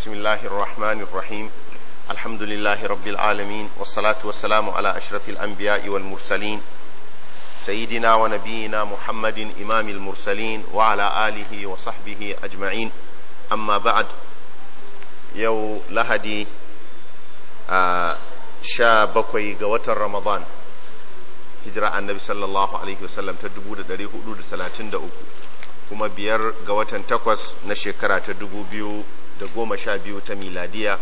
بسم الله الرحمن الرحيم الحمد لله رب العالمين والصلاة والسلام على أشرف الأنبياء والمرسلين سيدنا ونبينا محمد إمام المرسلين وعلى آله وصحبه أجمعين أما بعد يو لهدي آه sha bakwai ga watan ramadan hijira annabi sallallahu alaihi wasallam ta dubu da dari hudu da talatin da uku kuma biyar ga watan takwas na shekara ta dubu biyu da goma sha biyu ta miladiya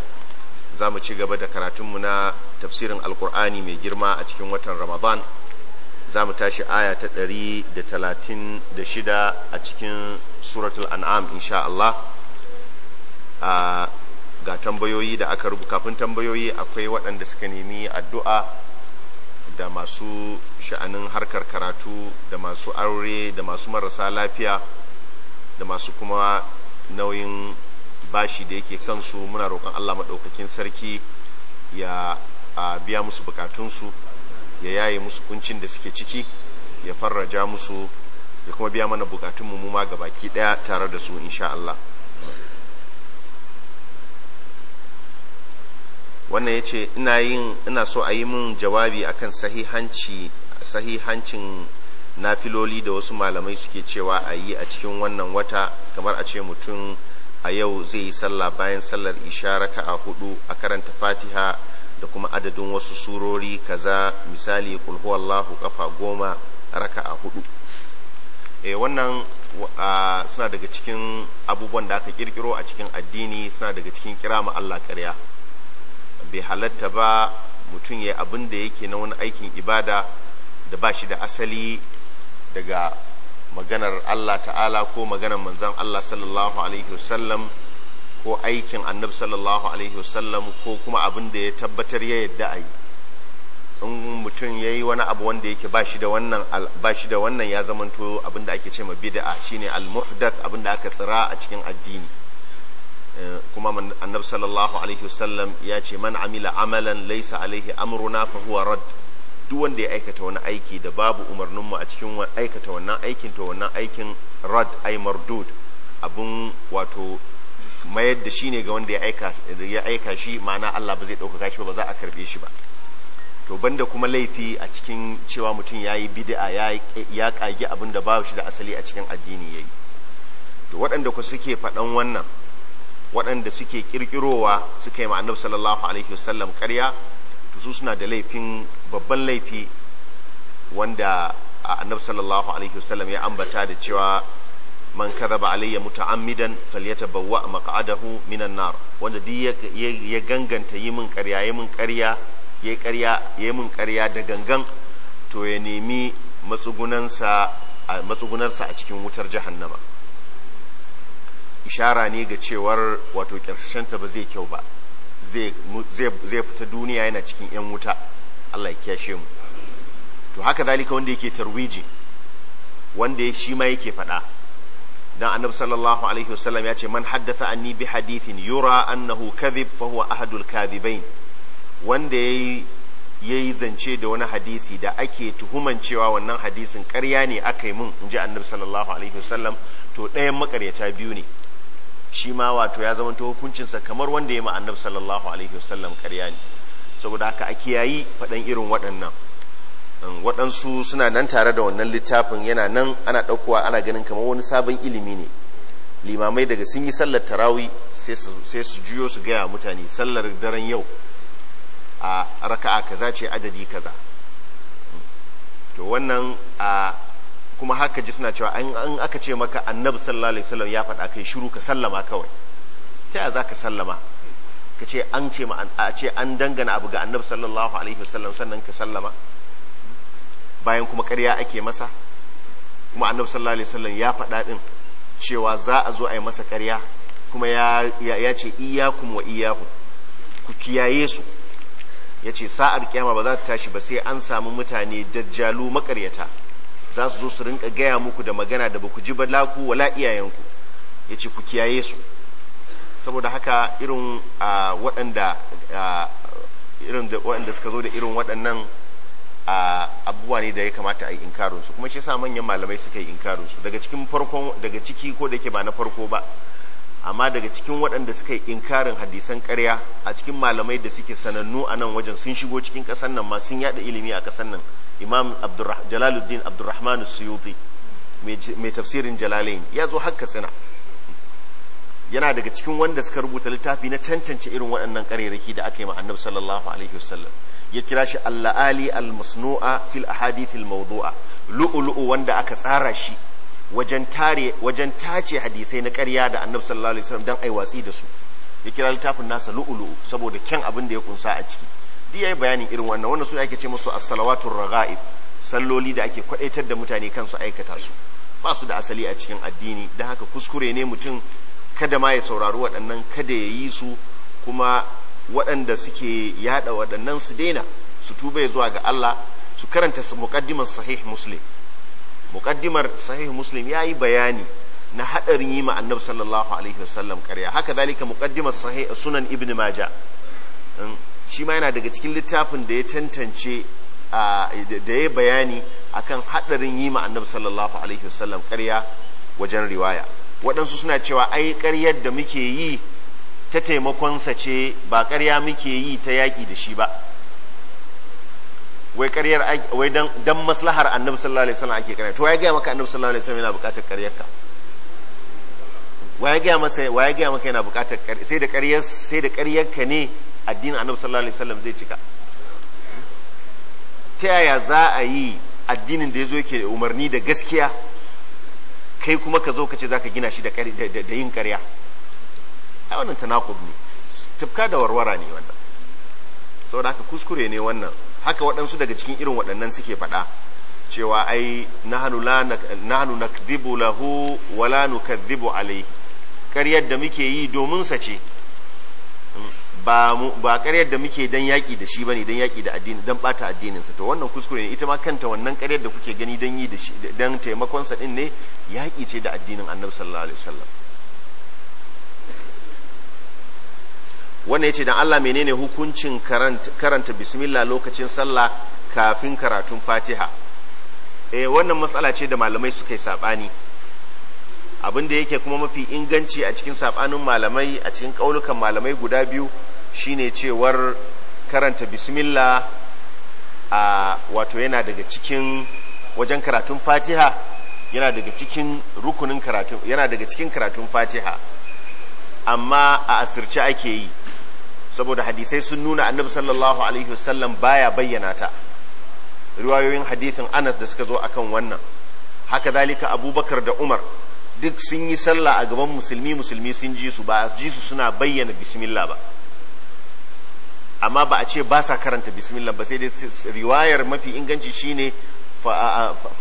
za mu ci gaba da karatunmu na tafsirin alkur'ani mai girma a cikin watan ramadan za mu tashi aya ta ɗari da talatin da shida a cikin suratul an'am insha Allah a ga tambayoyi da aka rubu kafin tambayoyi akwai waɗanda suka nemi addu'a da masu sha'anin harkar karatu da masu aure da masu marasa lafiya da masu kuma nauyin bashi da yake kansu muna roƙon Allah maɗaukakin sarki ya biya musu bukatunsu ya yaye musu kuncin da suke ciki ya farraja musu ya kuma biya mana bukatunmu mu ma baki ɗaya tare da su insha Allah wannan ya ce ina yin ina so a yi min jawabi akan sahihanci sahihancin nafiloli da wasu malamai suke cewa a yi a cikin wannan wata kamar a ce mutum a yau zai yi sallah bayan sallar isha raka a hudu a karanta fatiha da kuma adadin wasu surori kaza misali kulhu Allahu kafa goma raka eh, a hudu e wannan suna daga cikin abubuwan da aka kirkiro a cikin addini suna daga cikin kirama Allah karya bai halatta ba mutum ya abin da yake na wani aikin ibada da ba shi da asali daga maganar Allah ta'ala ko maganar manzan Allah sallallahu alaihi wasallam ko aikin annabi sallallahu alaihi wasallam ko kuma abin da ya tabbatar ya yadda a yi in mutum ya yi wani abu wanda yake ba shi da wannan ya zamanto abin da ake ce ma shi shine al-muhdath abin da aka tsira a cikin addini eh, kuma annab sallallahu alaihi wasallam ya ce man amila amalan laysa alaihi amruna fa huwa radd duk wanda ya aikata wani aiki da babu umarninmu a cikin aikata wannan aikin to wannan aikin rad ay mardud abun wato mayar da shi ne ga wanda ya aika shi ma'ana Allah ba zai dauka shi ba za a karɓe shi ba to banda kuma laifi a cikin cewa mutum yayi yi bid'a ya ƙagi abin da ba shi da asali a cikin addini yayi yi to waɗanda ku suke faɗan wannan waɗanda suke kirkirowa suka yi ma'anar sallallahu alaihi wasallam ƙarya su suna da laifin babban laifi wanda annabi sallallahu alaihi wasallam ya ambata da cewa man kadhaba alayya muta'ammidan falyatabawwa maq'adahu minan nar wanda duk ya ganganta yi min ƙarya yi min ƙarya yi ƙarya yi min ƙarya da gangan to ya nemi matsugunansa matsugunarsa a cikin wutar jahannama ishara ne ga cewar wato ƙarshen ba zai kyau ba zai fita duniya yana cikin 'yan wuta Allah ya kyashe mu to haka zalika wanda yake tarwiji wanda shi ma yake faɗa dan annabi sallallahu alaihi wasallam ya ce man haddatha anni bi hadithin yura annahu kadhib fa huwa ahadul kadhibain wanda yayi yayi zance da wani hadisi da ake tuhuman cewa wannan hadisin karya ne aka yi mun inji annabi sallallahu alaihi wasallam to ɗayan makaryata biyu ne shi ma wato ya zama hukuncinsa kamar wanda ya ma'annab sallallahu alaihi wasallam karya ne saboda haka a kiyayi faɗan irin waɗannan um, waɗansu suna nan tare da wannan littafin yana nan ana ɗaukowa ana ganin kamar wani sabon ilimi ne limamai daga sun yi sallar tarawi sai su juyo su gaya mutane sallar daren yau a raka'a kaza ce adadi kaza um, to wannan a kuma haka ji suna cewa an aka ce maka annabi sallallahu alaihi wasallam ya faɗa kai shiru ka sallama kawai ta yaya zaka sallama ka ce an ce ma a ce an dangana abu ga annabi sallallahu alaihi wasallam sannan ka sallama bayan kuma ƙarya ake masa kuma annabi sallallahu alaihi wasallam ya faɗa din cewa za a zo a yi masa ƙarya kuma ya ya ce iyyakum wa iyahu ku kiyaye su ya ce sa'ar kiyama ba za ta tashi ba sai an samu mutane dajjalu maƙaryata za su zo su rinka gaya muku da magana da ba ku ji ba laku wala iyayenku ya ce ku kiyaye su saboda haka irin waɗanda suka zo da irin waɗannan abubuwa ne da ya kamata a yi inkarinsu kuma shi sa manyan malamai suka yi inkarinsu daga cikin farkon daga ciki ko da ke ba na farko ba amma daga cikin waɗanda suka yi inkarin hadisan ƙarya a cikin malamai da suke sanannu a nan wajen sun shigo cikin ƙasar nan ma sun yada ilimi a ƙasar nan imam jalaluddin abdurrahman suyuti mai tafsirin jalalain ya zo har katsina yana daga cikin wanda suka rubuta littafi na tantance irin waɗannan ƙarerake da aka yi ma annabi sallallahu alaihi wasallam ya kira shi al al-masnu'a fil ahadith al-mawdu'a lu'lu'u wanda aka tsara shi wajen tare wajen tace hadisai na ƙarya da annabi sallallahu alaihi wasallam dan ai watsi da su ya kira littafin nasa lu'ulu saboda kyan abin da ya kunsa a ciki duk yayi bayanin irin wannan wannan su ake ce musu as-salawatur raga'ib salloli da ake kwadaitar da mutane kansu aikata su ba su da asali a cikin addini dan haka kuskure ne mutum kada ma ya saurari waɗannan kada ya yi su kuma waɗanda suke yada waɗannan su daina su tuba zuwa ga Allah su karanta muqaddimar sahih muslim muqaddimar sahih muslim yi bayani na hadarin yi ma annabi sallallahu alaihi wasallam ƙarya haka zalika muqaddimar sahih sunan ibn maja hmm. shi ma yana daga cikin littafin da ya tantance da ya bayani akan hadarin yi ma annabi sallallahu alaihi wasallam ƙarya wajen riwaya waɗansu suna cewa ai ƙaryar da muke yi ta taimakonsa ce ba ƙarya muke yi ta yaki da shi ba wai ƙaryar wai dan maslahar annabi sallallahu alaihi wasallam ake ƙarya to ya gaya maka annabi sallallahu alaihi wasallam yana buƙatar ƙaryar ka waya gaya masa waya gaya maka yana buƙatar sai da ƙaryar sai da ƙaryar ka ne addinin annabi sallallahu alaihi wasallam zai cika ta yaya za a yi addinin da yazo yake umarni da gaskiya kai kuma ka zo ka ce zaka gina shi da da yin ƙarya ai wannan tanakub ne tufka da warwara ne wannan saboda haka kuskure ne wannan haka waɗansu daga cikin irin waɗannan suke faɗa cewa ai na hannu na nakdhibu lahu wala nukadhibu alai. ƙaryar da muke yi domin sa ce ba ba ƙaryar da muke don yaƙi da shi bane don yaƙi da addini don ɓata addinin sa to wannan kuskure ne ita ma kanta wannan ƙaryar da kuke gani don yi da shi don taimakon sa din ne yaƙi ce da addinin Annabi sallallahu alaihi wasallam wannan ce dan Allah menene hukuncin karanta bismillah lokacin sallah kafin karatun Fatiha eh wannan matsala ce da malamai suka yi sabani abin da yake kuma mafi inganci a cikin sabanin malamai a cikin kaulukan malamai guda biyu shine cewar karanta bismillah a wato yana daga cikin wajen karatun fatiha yana daga cikin rukunin karatun yana daga cikin karatun fatiha amma a asirce ake yi saboda hadisai sun nuna annabi sallallahu alaihi wasallam baya bayyana ta riwayoyin hadithin anas da suka zo akan wannan haka zalika abubakar da umar duk sun yi sallah a gaban musulmi musulmi sun ji su ba ji su suna bayyana bismillah ba amma ba a ce ba sa karanta bismillah ba sai dai riwayar mafi inganci shine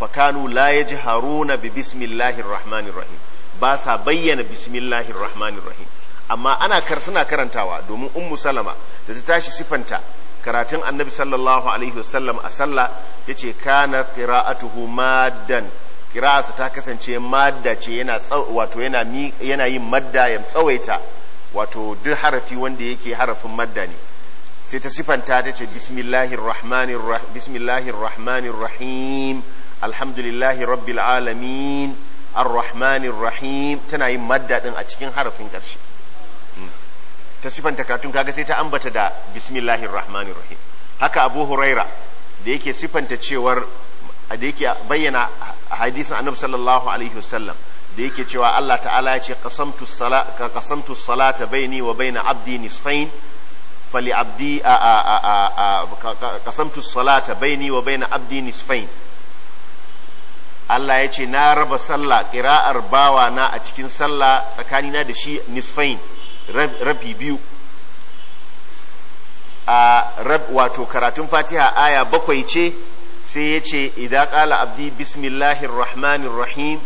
fakanu la yajharuna bi bismillahir rahmanir rahim ba sa bayyana bismillahir rahmanir rahim amma ana kar suna karantawa domin ummu salama da ta tashi sifanta karatun annabi sallallahu alaihi wasallam a sallah yace kana qira'atuhu maddan qira'atu ta kasance madda ce yana wato yana yana yin madda ya tsawaita wato duk harafi wanda yake harafin madda ne sai ta sifanta ta ce bismillahir alhamdulillahi rabbil alamin tana yin madda din a cikin harafin ƙarshe ta sifanta karatun kaga sai ta ambata da bismillahir rahmanir rahim haka abu huraira da yake sifanta cewar da yake bayyana hadisin annabi sallallahu alaihi wasallam da yake cewa Allah ta'ala ya ce qasamtu salata qasamtu salata baini wa baina abdi nisfain fali abdi a a a a qasamtu salata baini wa baina abdi nisfain Allah ya ce na raba sallah qira'ar bawa na a cikin sallah tsakanina da shi nisfain rafi biyu a wato karatun fatiha aya bakwai ce sai ya ce idan kala abdi bismillahir rahmanir rahim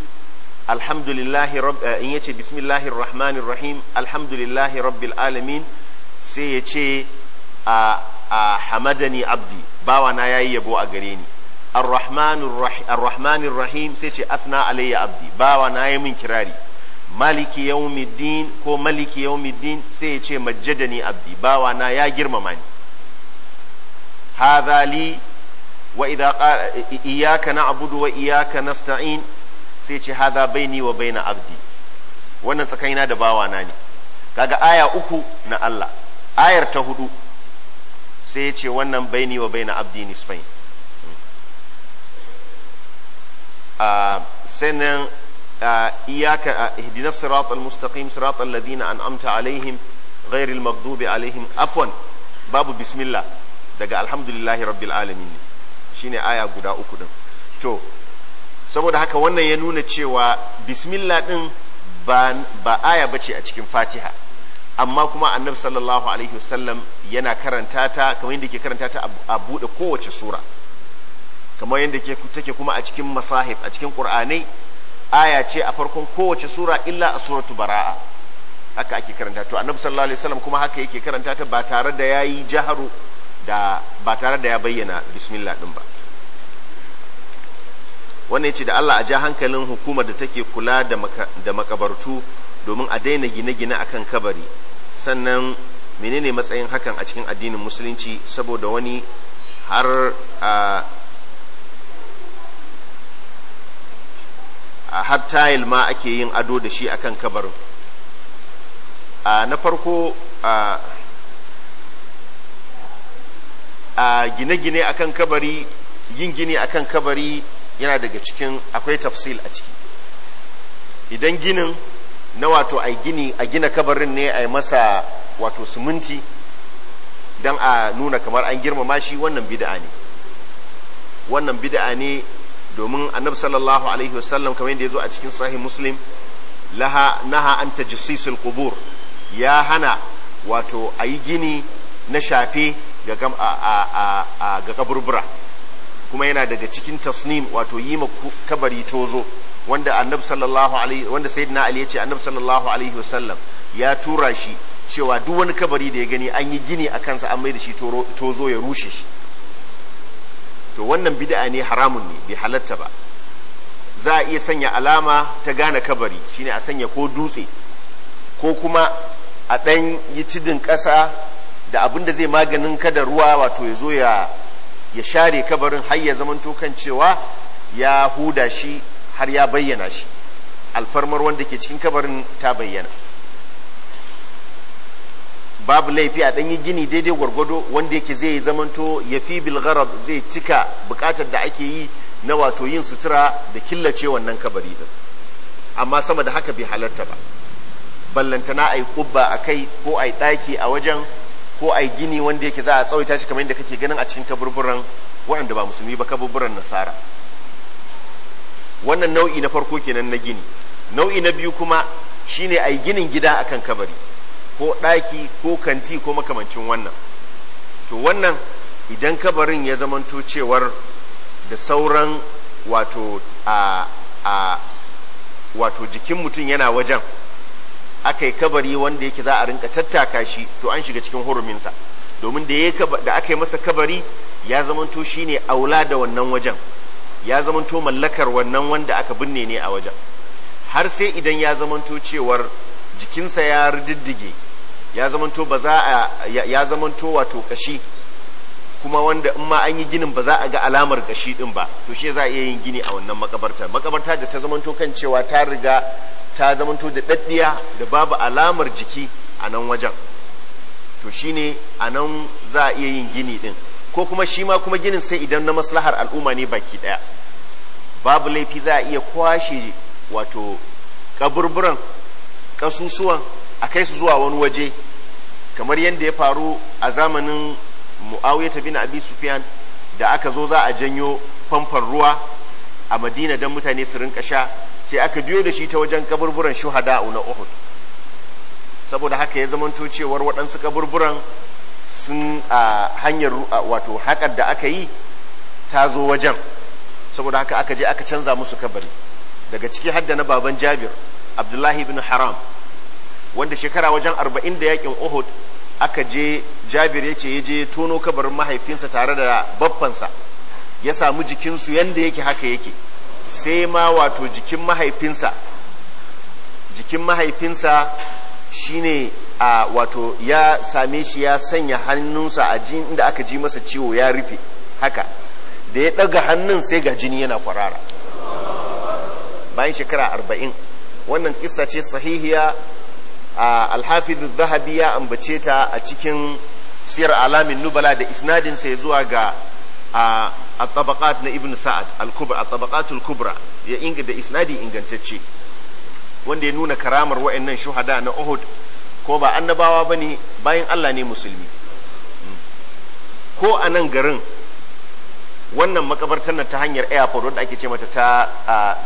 alhamdulillahi eh, in ya ce bismillahir rahmanir rahim alhamdulillahi rabbil alamin sai ya ce a hamadani abdi bawana yayi yabo a gare ni ar-rahmanir rahim sai ce athna alayya abdi bawana yayi min kirari maliki yawmiddin ko maliki yawmiddin sai ya ce majjadani abdi bawa na ya girmama ni hadha wa idha qala iyyaka na'budu wa iyyaka nasta'in sai ce hadha baini wa baina abdi wannan tsakanina da bawa na ne kaga aya uku na Allah ayar ta hudu sai ya ce wannan baini wa baina abdi nisfain a ah, sanin iyaka ihdinas siratal mustaqim siratal ladina an'amta alaihim ghairil maghdubi alaihim afwan babu bismillah daga alhamdulillahi rabbil alamin shine aya guda uku din to saboda haka wannan ya nuna cewa bismillah din ba ba aya bace a cikin fatiha amma kuma annabi sallallahu alaihi wasallam yana karantata ta yadda ke karanta ta a buɗe kowace sura kamar yadda take kuma a cikin masahib a cikin qur'anai aya ce a farkon kowace sura illa a suratu bara'a haka ake karanta to annabi sallallahu alaihi wasallam kuma haka yake karanta ta ba tare da yayi jaharu da ba tare da ya bayyana bismillah din ba wannan yace da Allah a ja hankalin hukumar da take kula da da makabartu domin a daina gine-gine akan kabari sannan menene matsayin hakan a cikin addinin musulunci saboda wani har a a har tayil ma ake yin ado da shi akan kabarin a na farko a gine-gine akan kabari yin gini akan kabari yana daga cikin akwai tafsil a ciki idan ginin na wato a gini a gina kabarin ne a masa wato siminti don a nuna kamar an girmama shi wannan bida'a ne wannan bida'a ne domin annabi sallallahu alaihi wasallam kamar yadda ya zo a cikin sahih muslim laha naha an tajassisul qubur ya hana wato ayi gini na shafe ga ga kaburbura kuma yana daga cikin tasnim wato yi ma kabari tozo wanda annabi sallallahu alaihi wanda sayyidina ali ya ce annabi sallallahu alaihi wasallam ya tura shi cewa duk wani kabari da ya gani an yi gini a kansa an mai da shi tozo ya rushe shi to wannan bid'a ne haramun ne bai halarta ba za a iya sanya alama ta gane kabari shine a sanya ko dutse ko kuma a ɗan yi cidin ƙasa da abin da zai maganin kada ruwa wato ya zo ya share kabarin har ya zamanto kan cewa ya huda shi har ya bayyana shi alfarmar wanda ke cikin kabarin ta bayyana babu laifi a ɗanyi gini daidai gwargwado wanda yake zai zamanto ya fi bilgarab zai cika bukatar da ake yi na wato yin sutura da killace wannan kabari din amma sama da haka bai halarta ba ballantana a yi kubba a kai ko a yi ɗaki a wajen ko a yi gini wanda yake za a tsawaita shi kamar yadda kake ganin a cikin kaburburan waɗanda ba musulmi ba kaburburan nasara wannan nau'i na farko kenan na gini nau'i na biyu kuma shine a yi ginin gida akan kabari ko ɗaki ko kanti ko makamancin wannan to wannan idan kabarin ya zamanto cewar da sauran wato a a wato jikin mutum yana wajen aka yi kabari wanda yake za a rinka tattaka shi to an shiga cikin huruminsa domin da aka yi masa kabari ya zamanto shi ne aula da wannan wajen ya zamanto mallakar wannan wanda aka binne ne a wajen har sai idan ya zamanto cewar jikinsa ya riddige ya zamanto ba za a ya zamanto wato kashi kuma wanda in ma an yi ginin ba za a ga alamar kashi din ba to shi za a iya yin gini a wannan makabarta makabarta da ta zamanto kan cewa ta riga ta zamanto da daddiya da babu alamar jiki a nan wajen to shi ne a nan za a iya yin gini din ko kuma shi ma kuma ginin sai idan na maslahar al'umma ne baki daya babu laifi za a iya kwashe wato kaburburan kasusuwan a kai su zuwa wani waje kamar yadda ya faru a zamanin ta bin abi sufiyan da aka zo za a janyo famfan ruwa a madina don mutane su rinka sha sai aka biyo da shi ta wajen kaburburan shuhada na uhud saboda haka ya zamanto cewar waɗansu kaburburan sun a hanyar wato haƙar da aka yi ta zo wajen saboda haka aka je aka canza musu kabari daga ciki hadda na baban jabir abdullahi bin haram wanda shekara wajen arba'in da yakin uhud aka je jabir ya ce ya je tono kabar mahaifinsa tare da babbansa ya samu jikinsu yadda yake haka yake sai ma wato jikin mahaifinsa jikin mahaifinsa shine a wato ya same shi ya sanya hannunsa a jin inda aka ji masa ciwo ya rufe haka da ya ɗaga hannun sai ga jini yana kwarara bayan shekara arba'in wannan kissa ce sahihiya a alhafizu zahabi ya ambace ta a cikin siyar alamin nubala da isnadin sai zuwa ga a tabakat na ibn sa'ad al-kubra A tabaqatul kubra ya inga da isnadi ingantacce wanda ya nuna karamar wa'annan shuhada na Ohud. ko ba annabawa ba ne bayan Allah ne musulmi hmm. ko a nan garin wannan makabartar nan ta hanyar airport wanda ake ce mata ta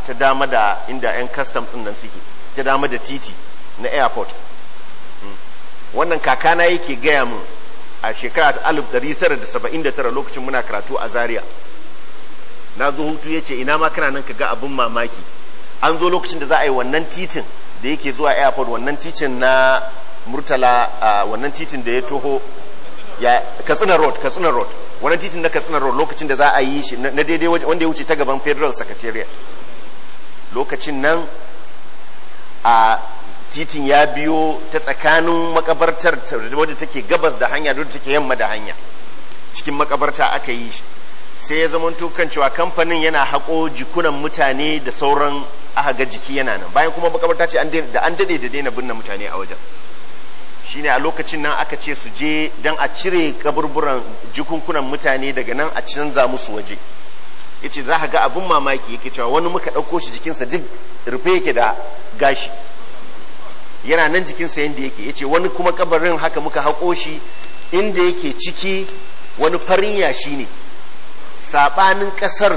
ta dama da inda yan custom din nan suke ta dama da titi na airport hmm. wannan kakana yake gaya mun a shekara 1979 lokacin muna karatu a zaria na zo hutu ya ce ina ma kana nan ka ga abin mamaki an zo lokacin da za a yi wannan titin da yake zuwa airport wannan titin na murtala wannan titin da ya toho ya katsina road katsina road wani titin na katsinar lokacin da za a yi shi na daidai wanda ya wuce ta gaban federal secretariat lokacin nan a titin ya biyo ta tsakanin makabartar wadda take gabas da hanya duk take yamma da hanya cikin makabarta aka yi shi sai ya zama tukan cewa kamfanin yana haƙo jikunan mutane da sauran aka ga jiki yana nan bayan kuma makabarta ce da an daɗe da daina binne mutane a wajen shine a lokacin nan aka ce su je don a cire kaburburan jikunkunan mutane daga nan a canza musu waje yace za ga abin mamaki yake cewa wani muka ɗauko shi jikinsa duk rufe yake da gashi yana nan jikinsa yadda yake yace wani kuma kabarin haka muka haƙo shi inda yake ciki wani farin yashi ne saɓanin ƙasar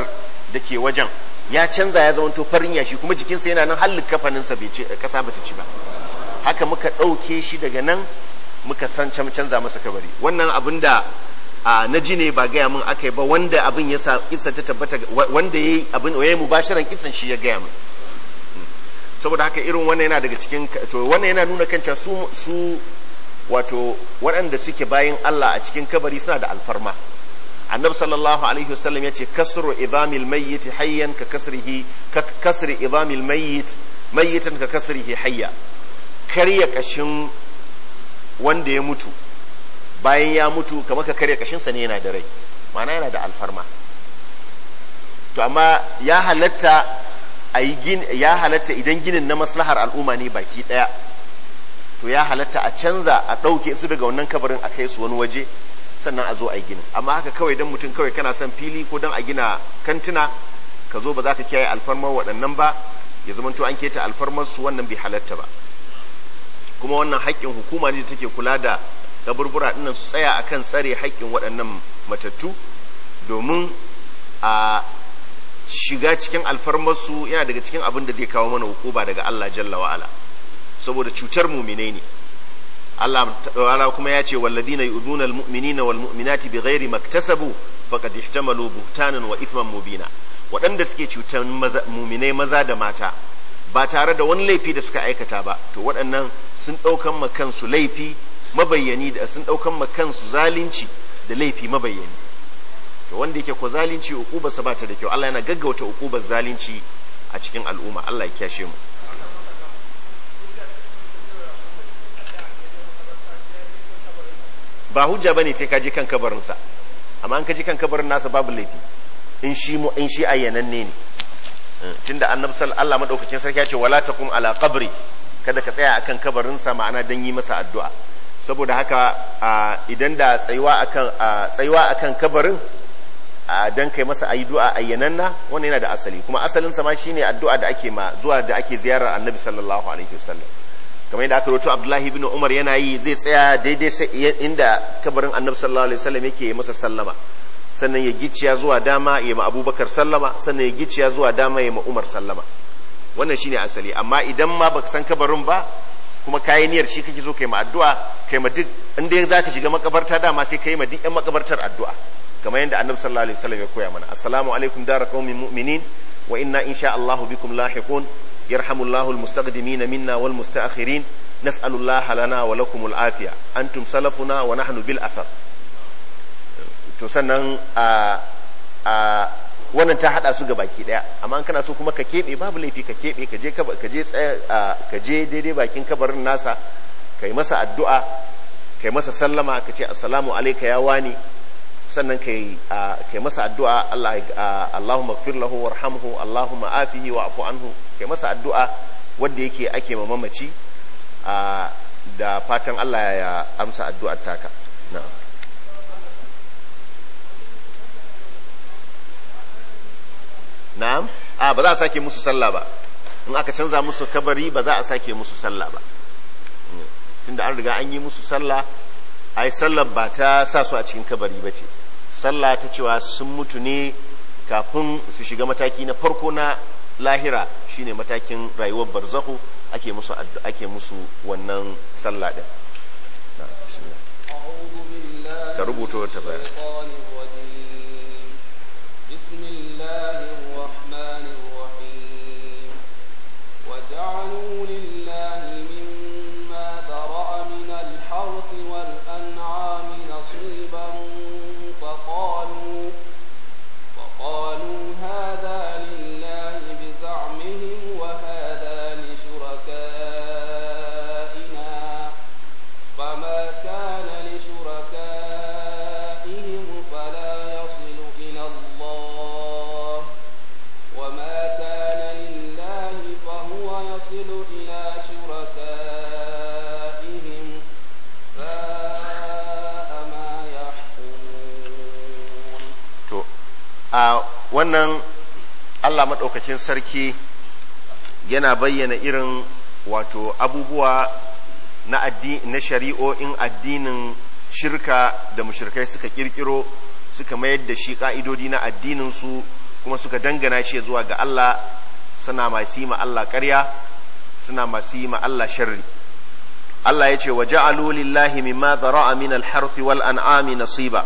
da ke wajen ya canza ya zama to farin yashi kuma jikinsa yana nan hallin kafaninsa bai ce ƙasa bata ci ba haka muka ɗauke shi daga nan muka san canza masa kabari wannan abin da na ji ne ba gaya min aka yi ba wanda abin ya sa kisa ta tabbata wanda ya yi abin ya yi mubasharan kisan shi ya gaya min saboda haka irin wannan yana daga cikin to wannan yana nuna kan su su wato waɗanda suke bayin Allah a cikin kabari suna da alfarma annabi sallallahu alaihi wasallam ya ce kasru idamil mayyit hayyan ka kasrihi ka kasri idamil mayyit mayyitan ka kasrihi hayya karya kashin wanda ya mutu bayan ya mutu kamar ka karya kashin sa ne yana da rai ma'ana yana da alfarma to amma ya halatta a yi ya halatta idan ginin na maslahar al'umma ne baki daya to ya halatta a canza a ɗauke su daga wannan kabarin a kai su wani waje sannan a zo a yi ginin amma haka kawai dan mutum kawai kana son fili ko dan a gina kantina ka zo ba za ka kiyaye alfarmar waɗannan ba ya zama to an keta alfarmar su wannan bai halatta ba kuma wannan haƙƙin hukuma ne da take kula da kaburbura dinnan su tsaya a kan tsare haƙƙin waɗannan matattu domin a shiga cikin alfarmarsu yana daga cikin abin da zai kawo mana hukuma daga Allah jalla wa'ala saboda cutar muminai ne Allah ta'ala kuma ya ce walladina yu'dhuna almu'minina walmu'minati bighairi maktasabu faqad ihtamalu buhtanan wa ithman mubina waɗanda suke cutar muminai maza da mata ba tare da wani laifi da suka aikata ba to waɗannan sun ɗaukan ma kansu laifi mabayyani da sun ɗaukan ma kansu zalunci da laifi mabayyani to wanda yake ko zalunci uqubar sa bata da kyau Allah yana gaggauta uqubar zalunci a cikin al'umma Allah ya kyashe mu ba hujja bane sai ka je kan kabarin sa amma an ka je kan kabarin nasa babu laifi in shi mu in shi ayyananne ne tunda annabi sallallahu Allah madaukakin sarki ya ce wala taqum ala qabri kada ka tsaya akan kabarinsa ma'ana dan yi masa addu'a saboda haka idan da tsayuwa akan tsayuwa akan kabarin dan kai masa addu'a ayyananna wannan yana da asali kuma asalin sa ma shine addu'a da ake ma zuwa da ake ziyarar annabi sallallahu alaihi wasallam kamar yadda aka rawaito Abdullahi ibn Umar yana yi zai tsaya daidai inda kabarin annabi sallallahu alaihi wasallam yake masa sallama sannan ya gicciya zuwa dama ya ma abubakar sallama sannan ya gicciya zuwa dama ya ma umar sallama wannan shine asali amma idan ma baka san kabarin ba kuma kayi niyyar shi kake zo kai ma addu'a kai ma duk inda ka shiga makabarta dama sai kai ma duk yan makabartar addu'a kamar yadda annabi sallallahu alaihi wasallam ya koya mana assalamu alaikum dara qaumin mu'minin wa inna insha Allahu bikum lahiqun yarhamullahu almustaqdimina minna wal mustaakhirin nas'alullaha lana wa lakumul afiya antum salafuna wa nahnu bil athar to sannan a a wannan ta hada su ga baki daya amma an kana so kuma ka kebe babu laifi ka kebe ka je ka je ka je daidai bakin kabarin nasa kai masa addu'a kai masa sallama ka ce assalamu alayka ya wani sannan kai kai masa addu'a Allah Allahumma ighfir lahu warhamhu Allahumma afihi wa'fu anhu kai masa addu'a wanda yake ake ma mamaci da fatan Allah ya amsa addu'ar taka na'am a ba za a sake musu sallah ba in aka canza musu kabari ba za a sake musu sallah ba tunda an riga an yi musu sallah ai sallah ba ta sa su a cikin kabari ba ce sallah ta cewa sun mutu ne kafin su shiga mataki na farko na lahira shine matakin rayuwar barzahu ake musu ake musu wannan sallah din ka rubuta ta bayan maɗaukakin sarki yana bayyana irin wato abubuwa na na shari'o'in addinin shirka da mushirikai suka kirkiro suka mayar da shi ka'idodi na addininsu kuma suka dangana shi zuwa ga Allah suna masu yi ma Allah ƙarya suna masu yi ma Allah sharri Allah ya ce wa ja'alu lillahi mimma dhara'a min al-harth wal an'ami nasiba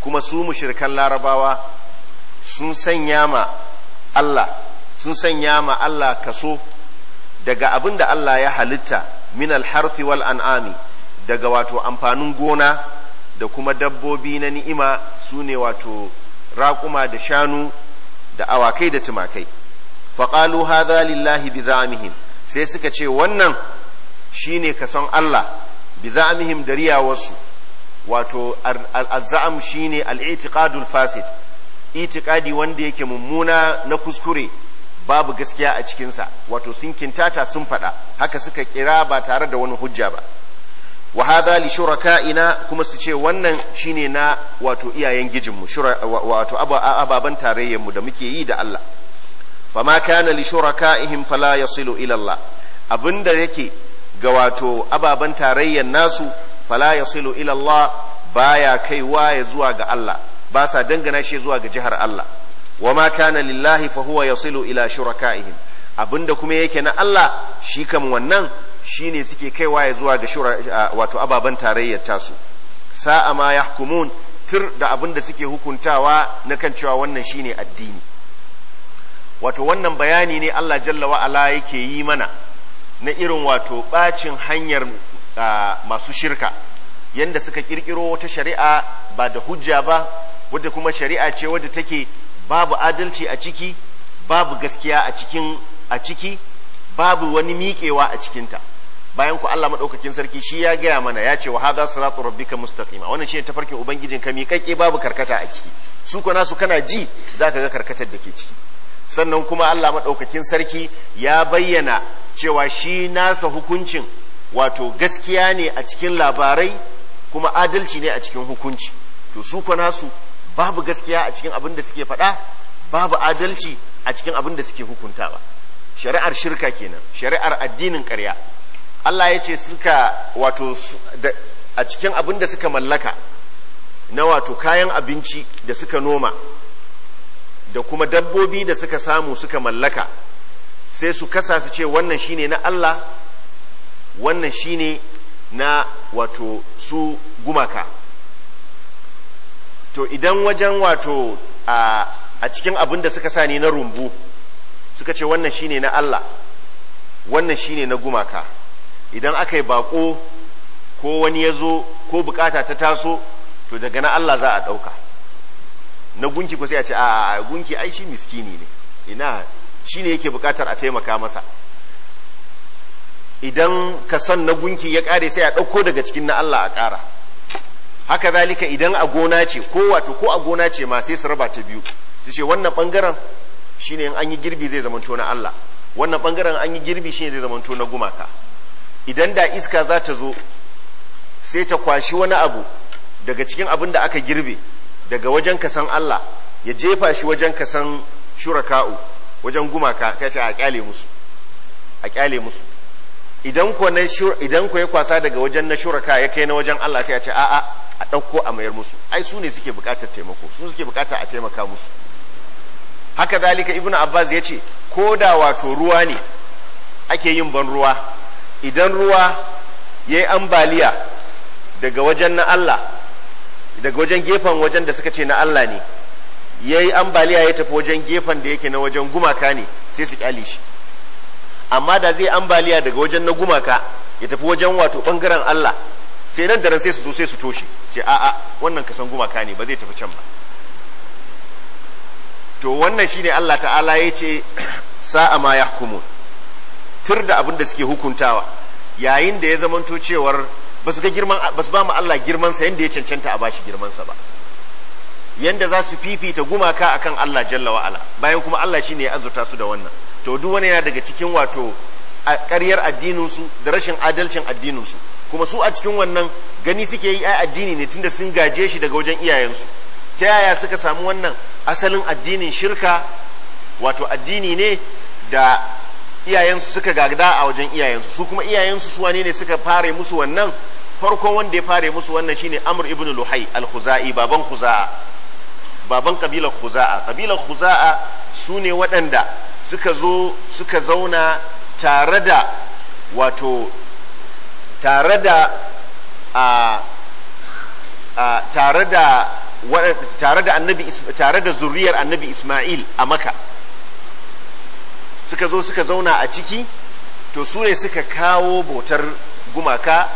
kuma su mushrikan larabawa sun sanya ma Allah sun sanya ma Allah kaso daga abin da Allah ya halitta min harfi wal an'ami daga wato amfanin gona da kuma dabbobi na ni'ima su ne wato raƙuma da shanu da awakai da tumakai faƙalu hadha lillahi bi za'amihim sai suka ce wannan shine kason Allah bi za'amihim da riyawarsu wato al-za'am shine al-i'tiqadul fasid itikadi wanda yake mummuna na kuskure babu gaskiya a cikinsa wato sun kintata sun faɗa haka suka kira ba tare da wani hujja ba wa hadha li shuraka'ina kuma su ce wannan shine na wato iyayen gijinmu wato ababan tarayyan mu da muke yi da Allah fama kana li shuraka'ihim fala yasilu ila Allah abinda yake ga wato ababan tarayyan nasu fala yasilu ila Allah baya kaiwa ya zuwa ga Allah ba sa dangana shi zuwa ga jihar Allah wa ma kana lillahi fa huwa yasilu ila shurakaihim abinda kuma yake na Allah shi kam wannan shine suke kaiwa ya zuwa ga wato ababan tarayyar tasu sa'a ma yahkumun tur da abinda suke hukuntawa na kan cewa wannan shine addini wato wannan bayani ne Allah jalla wa ala yake yi mana na irin wato bacin hanyar masu shirka yanda suka kirkiro wata shari'a ba da hujja ba wadda kuma shari'a ce wadda take babu adalci a ciki babu gaskiya a cikin a ciki babu wani miƙewa a cikinta bayan ku Allah madaukakin sarki shi ya gaya mana ya ce wa hadha siratu rabbika mustaqima wannan shine tafarkin ubangijin ka miƙaƙe babu karkata a ciki su ko nasu kana ji zaka ga karkatar da ke ciki sannan kuma Allah madaukakin sarki ya bayyana cewa shi nasa hukuncin wato gaskiya ne a cikin labarai kuma adalci ne a cikin hukunci to su ko nasu babu gaskiya a cikin abin da suke faɗa babu adalci a cikin abin da suke hukuntawa shari'ar shirka kenan shari'ar addinin ƙarya Allah ya ce suka wato a cikin abin da suka mallaka na wato kayan abinci da suka noma da kuma dabbobi da suka samu suka mallaka sai su kasa su ce wannan shine na Allah wannan shine na wato su gumaka to idan wajen wato a cikin abin da suka sani na rumbu suka ce wannan shine na Allah wannan shine na gumaka idan aka yi bako ko wani ya zo ko bukata ta taso to daga na Allah za a ɗauka na gunki ko sai a ce a gunki ai shi miskini ne ina shi ne yake bukatar a taimaka masa idan ka san na gunki ya ƙare sai a ɗauko daga cikin na Allah a ƙara haka zalika idan a gona ce ko wato ko a gona ce ma sai su raba ta biyu su ce wannan bangaren shine in an yi girbi zai zamanto na Allah wannan bangaren an yi girbi shine zai zamanto na gumaka idan da iska za ta zo sai ta kwashi wani abu daga cikin abin da aka girbe daga wajen kasan Allah ya jefa shi wajen kasan shuraka'u wajen gumaka sai ta a kyale musu a kyale musu idan ko na idan ko ya kwasa daga wajen na shuraka ya kai na wajen Allah sai ya ce a'a a ɗauko a mayar musu ai su ne suke buƙatar taimako su suke buƙatar a taimaka musu haka zalika ibnu abbas ya ce ko da wato ruwa ne ake yin ban ruwa idan ruwa ya yi ambaliya daga wajen na Allah daga wajen gefen wajen da suka ce na Allah ne ya yi ambaliya ya tafi wajen gefen da yake na wajen gumaka ne sai su kyale shi amma da zai ambaliya daga wajen na gumaka ya tafi wajen wato bangaren Allah sai nan daren sai su zo sai su toshe sai a'a wannan kasan gumaka ne ba zai tafi can ba to wannan shine Allah ta'ala ya ce sa'a ma yahkumu tur da abin da suke hukuntawa yayin da ya zamanto cewar ba su ga girman ba su ba mu Allah girman sa yanda ya cancanta a bashi girman sa ba yanda za su fifita gumaka akan Allah jalla wa ala bayan kuma Allah shine ya azurta su da wannan to duk wani yana daga cikin wato ƙaryar addininsu da rashin adalcin addininsu kuma su a cikin wannan gani suke yi ai addini ne tunda sun gaje shi daga wajen iyayensu ta yaya suka samu wannan asalin addinin shirka wato addini ne da iyayensu suka gagada a wajen iyayensu su kuma iyayensu su wane ne suka fare musu wannan farko wanda ya fara musu wannan shine amr ibn luhai al-khuzai baban khuza'a baban kabilar khuza'a kabilar khuza'a su ne waɗanda suka zo suka zauna tare da wato tare da a tare da tare da annabi tare da zuriyar annabi Ismail a maka suka zo suka zauna a ciki to su ne suka kawo bautar gumaka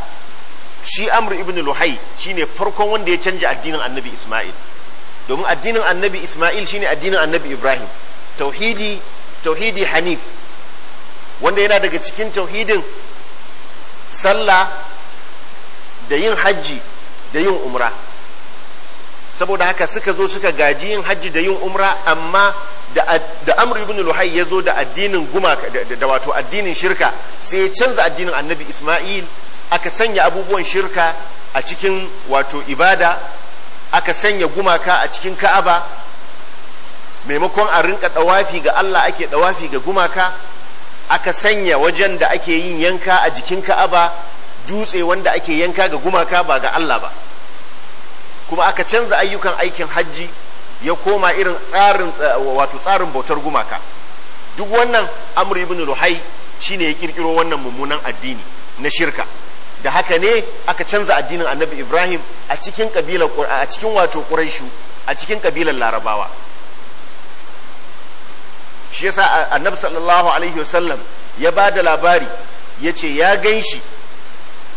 shi amr ibn luhai shi ne farkon wanda ya canja addinin annabi Ismail domin addinin annabi isma'il shine addinin annabi ibrahim tauhidi tauhidi hanif wanda yana daga cikin tauhidin sallah da yin hajji da yin umra saboda haka suka zo suka gaji yin hajji da yin umra amma da amru ibn luhai ya zo da addinin guma da wato addinin shirka sai ya canza addinin annabi isma'il aka sanya abubuwan shirka a cikin wato ibada aka sanya gumaka a cikin ka'aba maimakon a rinka dawafi ga Allah ake dawafi ga gumaka aka sanya wajen da ake yin yanka a jikin ka'aba dutse wanda ake yanka ga gumaka ba ga Allah ba kuma aka canza ayyukan aikin hajji ya koma irin tsarin wato tsarin bautar gumaka duk wannan amr ibn ruhai shine ya kirkiro wannan mummunan addini na shirka da haka ne aka canza addinin annabi ibrahim a cikin kabilar a cikin wato quraishu a cikin kabilar larabawa shi yasa annabi sallallahu alaihi wasallam ya ba da labari ya ce ya gan shi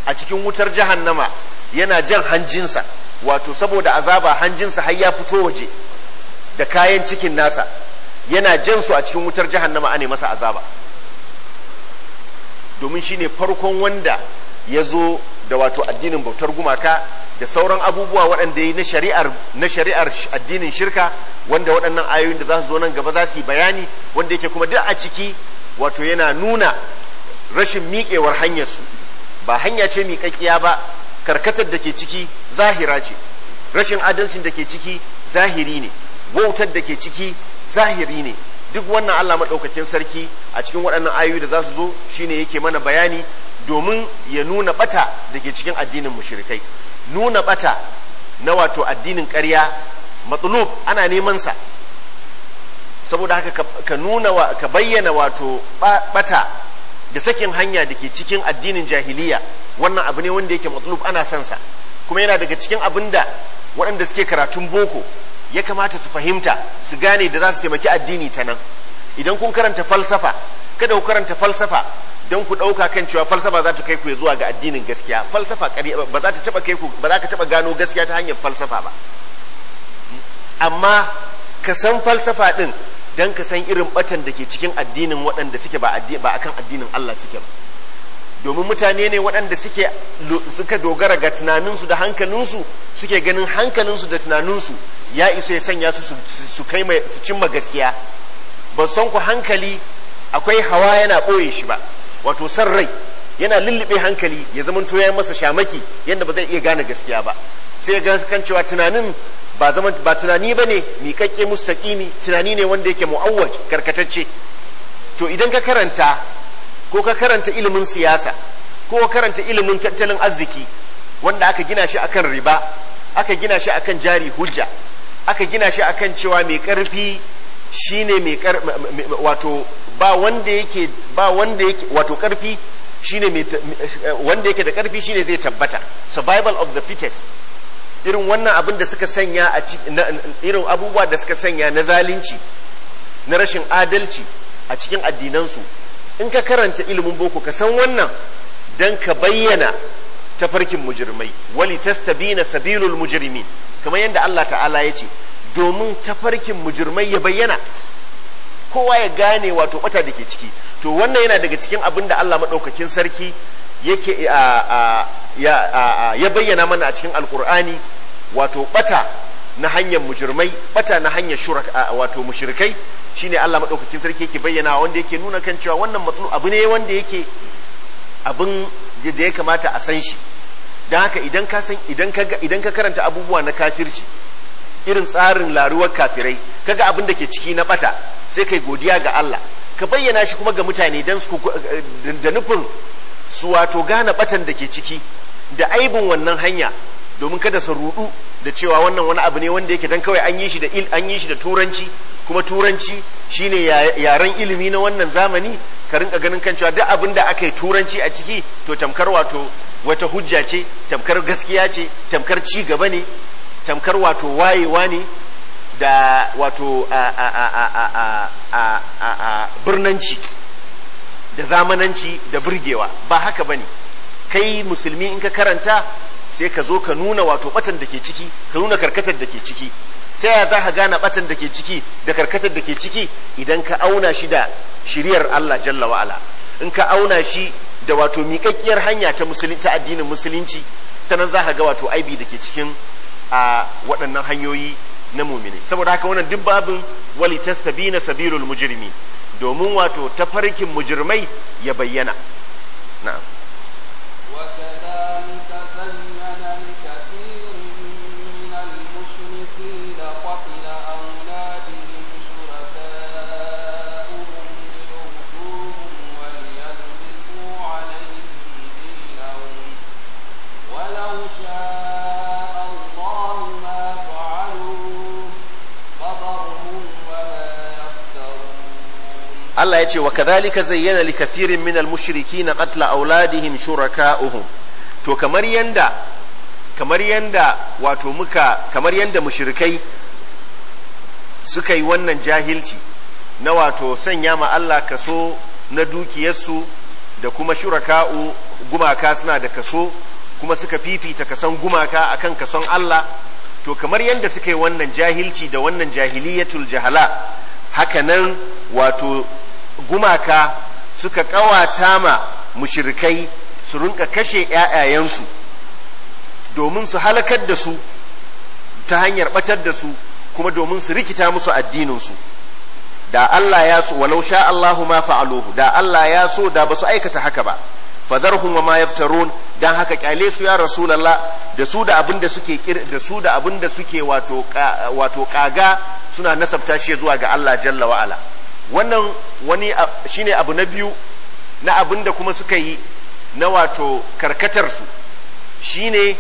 a cikin wutar jahannama yana jan hanjinsa wato saboda azaba hanjinsa har ya fito waje da kayan cikin nasa yana jan su a cikin wutar jahannama ane masa azaba domin shine farkon wanda ya zo da wato addinin bautar gumaka da sauran abubuwa waɗanda yi na shari'ar na shari'ar addinin shirka wanda waɗannan ayoyin da za su zo nan gaba za su yi bayani wanda yake kuma duk a ciki wato yana nuna rashin miƙewar hanyarsu ba hanya ce miƙaƙƙiya ba karkatar da ke ciki zahira ce rashin adalcin da ke ciki zahiri ne wautar da ke ciki zahiri ne duk wannan Allah maɗaukakin sarki a cikin waɗannan ayoyi da za su zo shine yake mana bayani domin ya nuna bata da ke cikin addinin mushrikai nuna bata na wato addinin karya matsalub ana neman sa saboda haka ka nuna ka bayyana wato bata da sakin hanya da ke cikin addinin jahiliya wannan abu ne wanda yake matsalub ana son sa kuma yana daga cikin abin da waɗanda suke karatun boko ya kamata su fahimta su gane da za su taimaki addini ta nan idan kun karanta falsafa kada ku karanta falsafa don ku ɗauka kan cewa falsafa za ta kai ku zuwa ga addinin gaskiya falsafa ba za ta taba kai ku ba za ka taba gano gaskiya ta hanyar falsafa ba amma ka san falsafa din don ka san irin batan da ke cikin addinin waɗanda suke ba a kan addinin Allah suke ba domin mutane ne waɗanda suke suka dogara ga tunaninsu da hankalinsu suke ganin hankalinsu da tunaninsu ya iso ya sanya su su kai su cimma gaskiya ba san ku hankali akwai hawa yana ɓoye shi ba wato san rai yana lullube hankali ya zama to ya masa shamaki yadda ba zai iya gane gaskiya ba sai ga kan cewa tunanin ba zaman ba tunani bane miƙaƙƙe mustaqimi tunani ne wanda yake mu'awwaj karkatacce to idan ka karanta ko ka karanta ilimin siyasa ko ka karanta ilimin tattalin arziki wanda aka gina shi akan riba aka gina shi akan jari hujja aka gina shi akan cewa mai karfi ne mai wato ba wanda yake ba wanda yake wato karfi shi mai eh, wanda yake da karfi ne zai tabbata survival of the fittest irin wannan abin da suka sanya a irin abubuwa da suka sanya na zalunci na rashin adalci a cikin addinansu in ka karanta ilimin boko ka san wannan don ka bayyana tafarkin mujirmai wali tastabina sabilul mujrimin kamar yadda Allah ta'ala ya ce domin tafarkin mujirmai ya bayyana kowa ya gane wato bata da ke ciki to wannan yana daga cikin abin da Allah maɗaukakin sarki yake ya bayyana mana a cikin alkur'ani wato bata na hanyar mujirmai bata na hanyar wato mushrikai shine Allah maɗaukakin sarki yake bayyana wanda yake nuna kan cewa wannan matsalu abu ne wanda yake abin da ya kamata a san shi don haka idan ka idan ka karanta abubuwa na kafirci irin tsarin laruwar kafirai kaga abin da ke ciki na bata sai kai godiya ga Allah ka bayyana shi kuma ga mutane dan su eh, da nufin su wato gane batan da ke ciki da aibin wannan hanya domin kada su rudu da cewa wannan wani abu ne wanda yake dan kawai an yi shi da il an yi shi da turanci kuma turanci shine yaren ilimi na wannan zamani ka rinka ganin kan cewa duk abin da aka yi turanci a ciki to tamkar wato wata hujja ce tamkar gaskiya ce tamkar ci gaba ne tamkar wato wayewa ne da wato birnanci da zamananci da birgewa ba haka ba ne kai musulmi in ka karanta sai ka zo ka nuna wato batan da ke ciki ka nuna karkatar da ke ciki ta yaya za ka gane batan da ke ciki da karkatar da ke ciki idan ka auna shi da shiriyar Allah jalla wa'ala in ka auna shi da wato miƙaƙƙiyar hanya ta addinin musulunci ta nan za ka ga wato aibi da ke cikin a waɗannan hanyoyi na mumini saboda haka wannan duk babin wali tastabina sabilul mujrimi domin wato tafarkin mujrimai ya bayyana na'am وكذلك زين لكثير من المشركين قتل أولادهم شركاؤهم to kamar yanda kamar يندا wato muka kamar يندا mushrikai suka wannan jahilci na wato sanya ma Allah kaso na dukiyarsu da kuma shuraka'u gumaka suna da kaso kuma suka fifita kason gumaka akan kason Allah to kamar yadda suka yi wannan jahilci da wannan jahiliyatul jahala nan wato gumaka suka kawata ma mushirikai su rinka kashe ‘ya'yayensu domin su halakar da su ta hanyar ɓatar da su kuma domin su rikita musu addininsu da Allah ya so walau sha Allahu ma fa'aluhu da Allah ya so da ba su aikata haka ba fadarhum wa ma yaftarun dan haka kyale su ya rasulullah da su da abin suke da su da abin da suke wato wato kaga suna nasabta shi zuwa ga Allah jalla wa ala wannan wani shine abu na biyu na abin da kuma suka yi na wato karkatarsu shine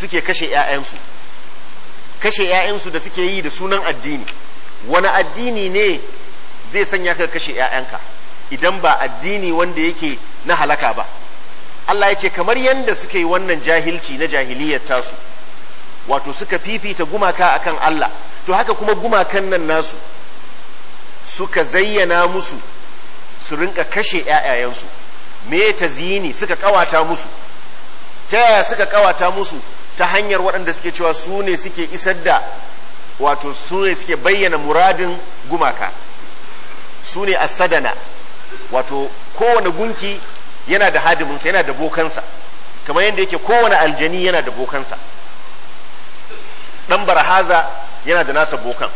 suke kashe 'ya'yansu kashe 'ya'yansu da suke yi da sunan addini wani addini ne zai sanya ka kashe 'ya'yanka idan ba addini wanda yake na halaka ba Allah ya ce kamar yadda suka yi wannan jahilci na jahiliyar tasu wato suka fifita gumaka akan Allah to haka kuma gumakan nan nasu suka zayyana musu su rinka kashe ‘ya'yayensu me ta zini suka kawata musu ta yaya suka kawata musu ta hanyar waɗanda suke cewa su ne suke isar da wato su ne suke bayyana muradin gumaka su ne a sadana, wato kowane gunki yana da hadiminsa yana da bokansa kamar yadda yake kowane aljani yana da bokansa ɗan barhaza yana da nasa bokan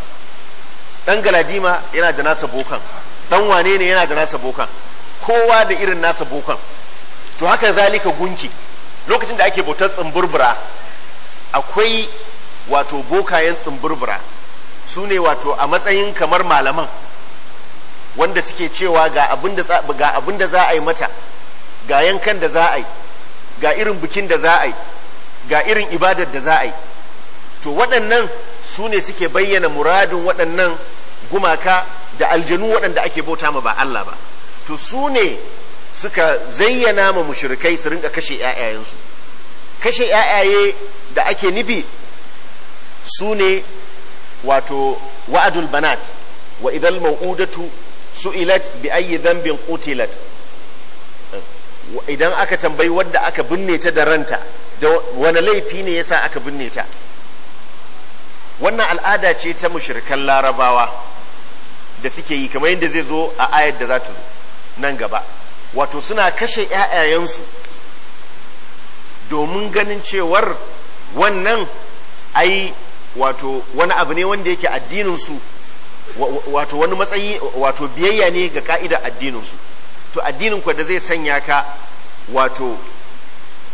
dan galadima yana da nasa bokan dan wane ne yana da nasa bokan kowa da irin nasa bokan to haka zalika gunki lokacin da ake bautar tsumburbura akwai wato bokayen tsumburbura su ne wato a matsayin kamar malaman wanda suke cewa ga abin da za a yi mata ga yankan da za a yi ga irin bikin da za a yi ga irin ibadar da za a yi to waɗannan su ne suke bayyana muradin waɗannan gumaka da aljanu waɗanda ake bauta ma ba Allah ba to su ne suka zayyana ma mushrikai su rinka kashe ƴaƴayensu kashe ƴaƴaye da ake nufi su ne wato wa'adul banat wa idal mau'udatu su'ilat bi ayi dhanbin qutilat idan aka tambayi wadda aka binne ta da ranta da wani laifi ne yasa aka binne ta wannan al'ada ce ta mushrikan larabawa da suke yi kamar yadda zai zo a ayar da za ta zo nan gaba wato suna kashe 'ya'yayensu domin ganin cewar wannan ai wato wani abu ne wanda yake addininsu wato wani matsayi wato biyayya ne ga ka'ida addininsu to addinin ku da zai sanya ka wato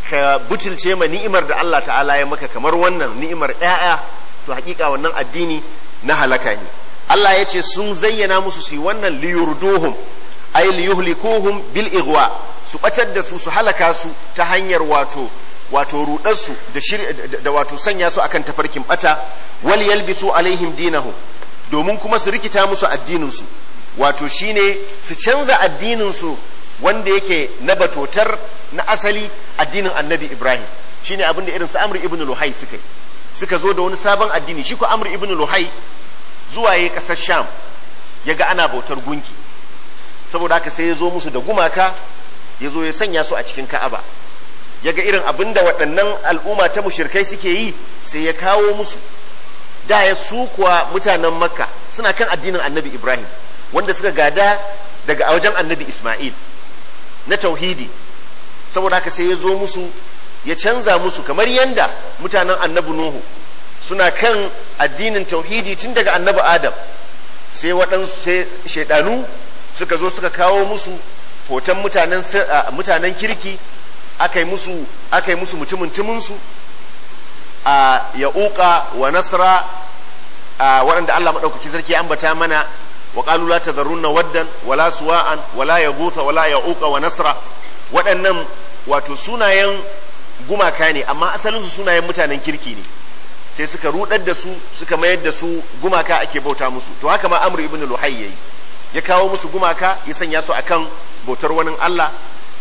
ka butulce ma ni'imar da Allah ta'ala ya maka kamar wannan ni'imar 'ya'ya to hakika wannan addini na halaka ne Allah ya ce sun zayyana musu su yi wannan liyurduhum ay liyuhlikuhum bil igwa su batar da su su halaka su ta hanyar wato wato rudar su da, da wato sanya su akan tafarkin bata wal yalbisu alaihim dinahum domin kuma su rikita musu addinin su wato shine su canza addinin su wanda yake na batotar na asali addinin annabi Ibrahim shine abinda irin su Amr ibn Luhai suka suka zo da wani sabon addini shi ko Amr ibn Luhai zuwa ya kasar sham ya ga ana bautar gunki saboda haka sai ya zo musu da gumaka ya zo ya sanya su a cikin ka'aba ya ga irin abin da waɗannan al'umma ta mushirkai suke yi sai ya kawo musu da ya su kuwa mutanen makka suna kan addinin annabi ibrahim wanda suka gada daga wajen annabi isma'il na tauhidi saboda haka sai ya zo musu ya canza musu kamar yanda mutanen annabi nuhu suna kan addinin tauhidi tun daga annabi adam sai waɗansu sai shaidanu suka zo suka kawo musu hoton mutanen mutanen kirki aka yi musu aka yi musu mutumin timinsu a ya'uqa wa nasra waɗanda Allah maɗaukaki sarki ambata mana wa qalu la tadharunna waddan wala suwa'an wala yaghutha wala ya'uqa wa nasra waɗannan wato sunayen gumaka ne amma asalin su sunayen mutanen kirki ne sai suka rudar da su suka mayar da su gumaka ake bauta musu to haka ma amru ibn luhay yayi ya kawo musu gumaka ya sanya su akan bautar wani Allah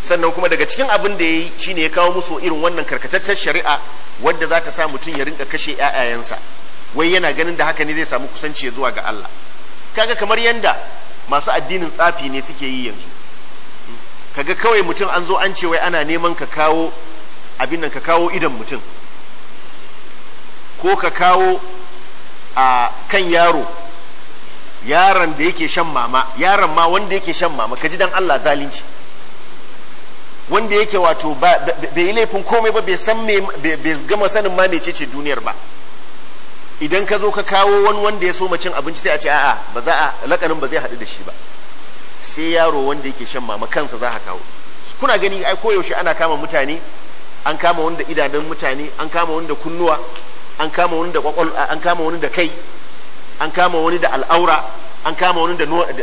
sannan kuma daga cikin abin da yayi shine ya kawo musu irin wannan karkatattar shari'a wadda za ta sa mutum ya rinka kashe ƴaƴayensa wai yana ganin da haka ne zai samu kusanci zuwa ga Allah kaga kamar yanda masu addinin tsafi ne suke yi yanzu kaga kawai mutum an zo an ce wai ana neman ka kawo abin nan ka kawo idan mutum ko ka kawo a kan yaro yaron da yake shan mama yaron ma wanda yake shan mama ka ji dan Allah zalunci wanda yake wato bai yi laifin komai ba bai san bai gama sanin ma mecece duniyar ba idan ka zo ka kawo wani wanda ya so cin abinci sai a ce a'a ba za a lakanin ba zai haɗu da shi ba sai yaro wanda yake shan mama kansa za a kawo kuna gani ai koyaushe ana kama mutane an kama wanda idanun mutane an kama wanda kunnuwa an kama wani da kwakwal an kama wani da kai an kama wani da al'aura an kama wani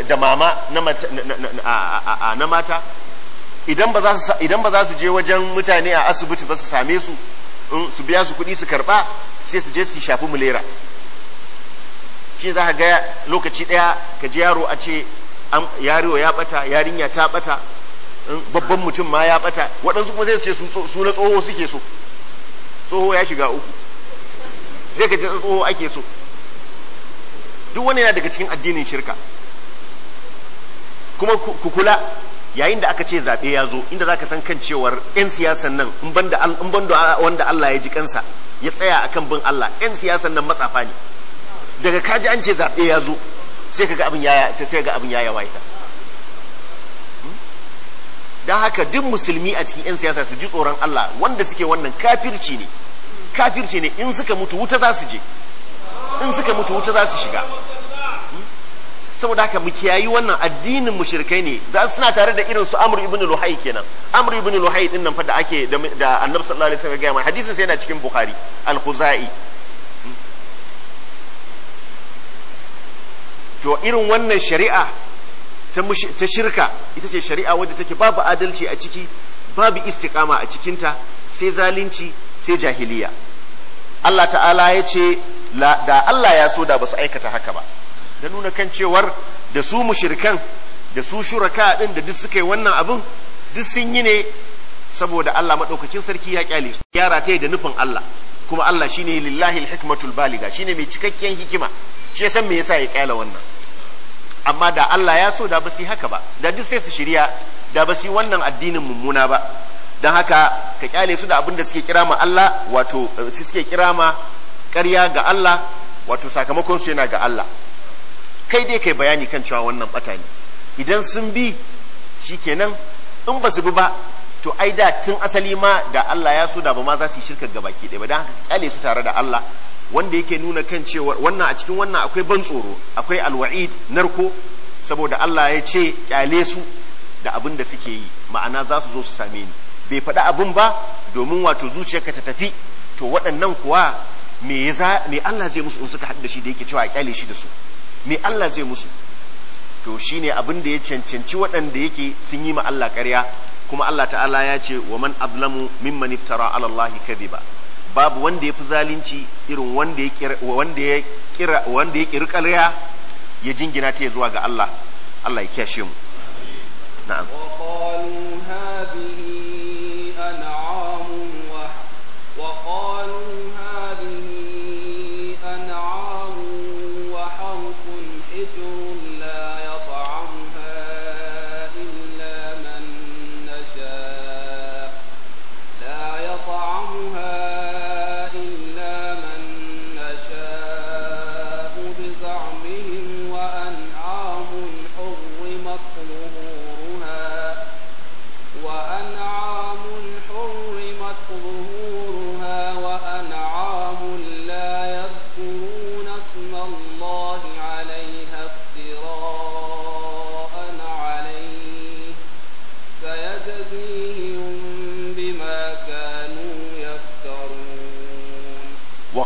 da mama na mata idan ba za su je wajen mutane a asibiti ba su same su su biya su kuɗi su karɓa sai su je su shafi mulera shi za ka ga lokaci ɗaya ka ji yaro a ce yaro ya ɓata yarinya ta ɓata babban mutum ma ya ɓata waɗansu kuma sai su ce su na tsoho suke so tsoho ya shiga uku sai ka ji tsoho ake so duk wani yana daga cikin addinin shirka kuma ku kula yayin da aka ce zaɓe ya zo inda za ka san kan cewar 'yan siyasan nan in banda wanda Allah ya ji kansa ya tsaya a kan bin Allah 'yan siyasan nan matsafa ne daga kaji an ce zaɓe ya zo sai ka ga abin ya sai ga abin ya hmm? don haka duk musulmi a cikin 'yan siyasa su ji tsoron Allah wanda suke wannan kafirci ne kafirce ne in suka mutu wuta za su je in suka mutu wuta za su shiga saboda haka mu kiyayi wannan addinin mushrikai ne za suna tare da irin su amr ibn luhai kenan amr ibn luhai din nan fa da ake da annabi sallallahu alaihi wasallam ya mai hadisin sai yana cikin bukhari al-khuzai to irin wannan shari'a ta shirka ita ce shari'a wadda take babu adalci a ciki babu istiqama a cikinta sai zalunci sai jahiliya Allah ta'ala ya ce da Allah ya so da ba su aikata haka ba da nuna kan cewar da su mushirkan da su shuraka din da duk suka wannan abin duk sun yi ne saboda Allah maɗaukakin sarki ya kyale su yara ta da nufin Allah kuma Allah shine lillahi alhikmatul baliga shine mai cikakken hikima shi san me yasa ya kyale wannan amma da Allah ya so da ba su haka ba da duk sai su shirya da ba su wannan addinin mummuna ba don haka ka kyale su da abin da suke kira ma Allah wato eh, suke kira ma karya ga Allah wato sakamakon su yana ga Allah kai dai kai bayani kan cewa wannan bata ne idan sun bi shi shikenan in ba su bi ba to ai da tun asali ma da Allah ya so da ba ma za su yi shirka ga baki ɗaya ba don haka kyale su tare da Allah wanda yake nuna kan cewa wannan a cikin wannan akwai ban tsoro akwai alwa'id narko saboda Allah ya ce kyale su da abin da suke yi ma'ana za su zo su same ni bai faɗi abin ba domin wato zuciyarka ta tafi to waɗannan kuwa me Allah zai musu in suka haɗu da shi da yake cewa a kyale shi da su me Allah zai musu to shine abin da ya cancanci waɗanda yake sun yi ma Allah ƙarya kuma Allah ta'ala ya ce wa man azlamu mimman iftara ala Allah kadhiba babu wanda ya fi zalunci irin wanda ya kira wanda ya kira wanda ya kira ƙarya ya jingina ta zuwa ga Allah Allah ya kiyashe mu na'am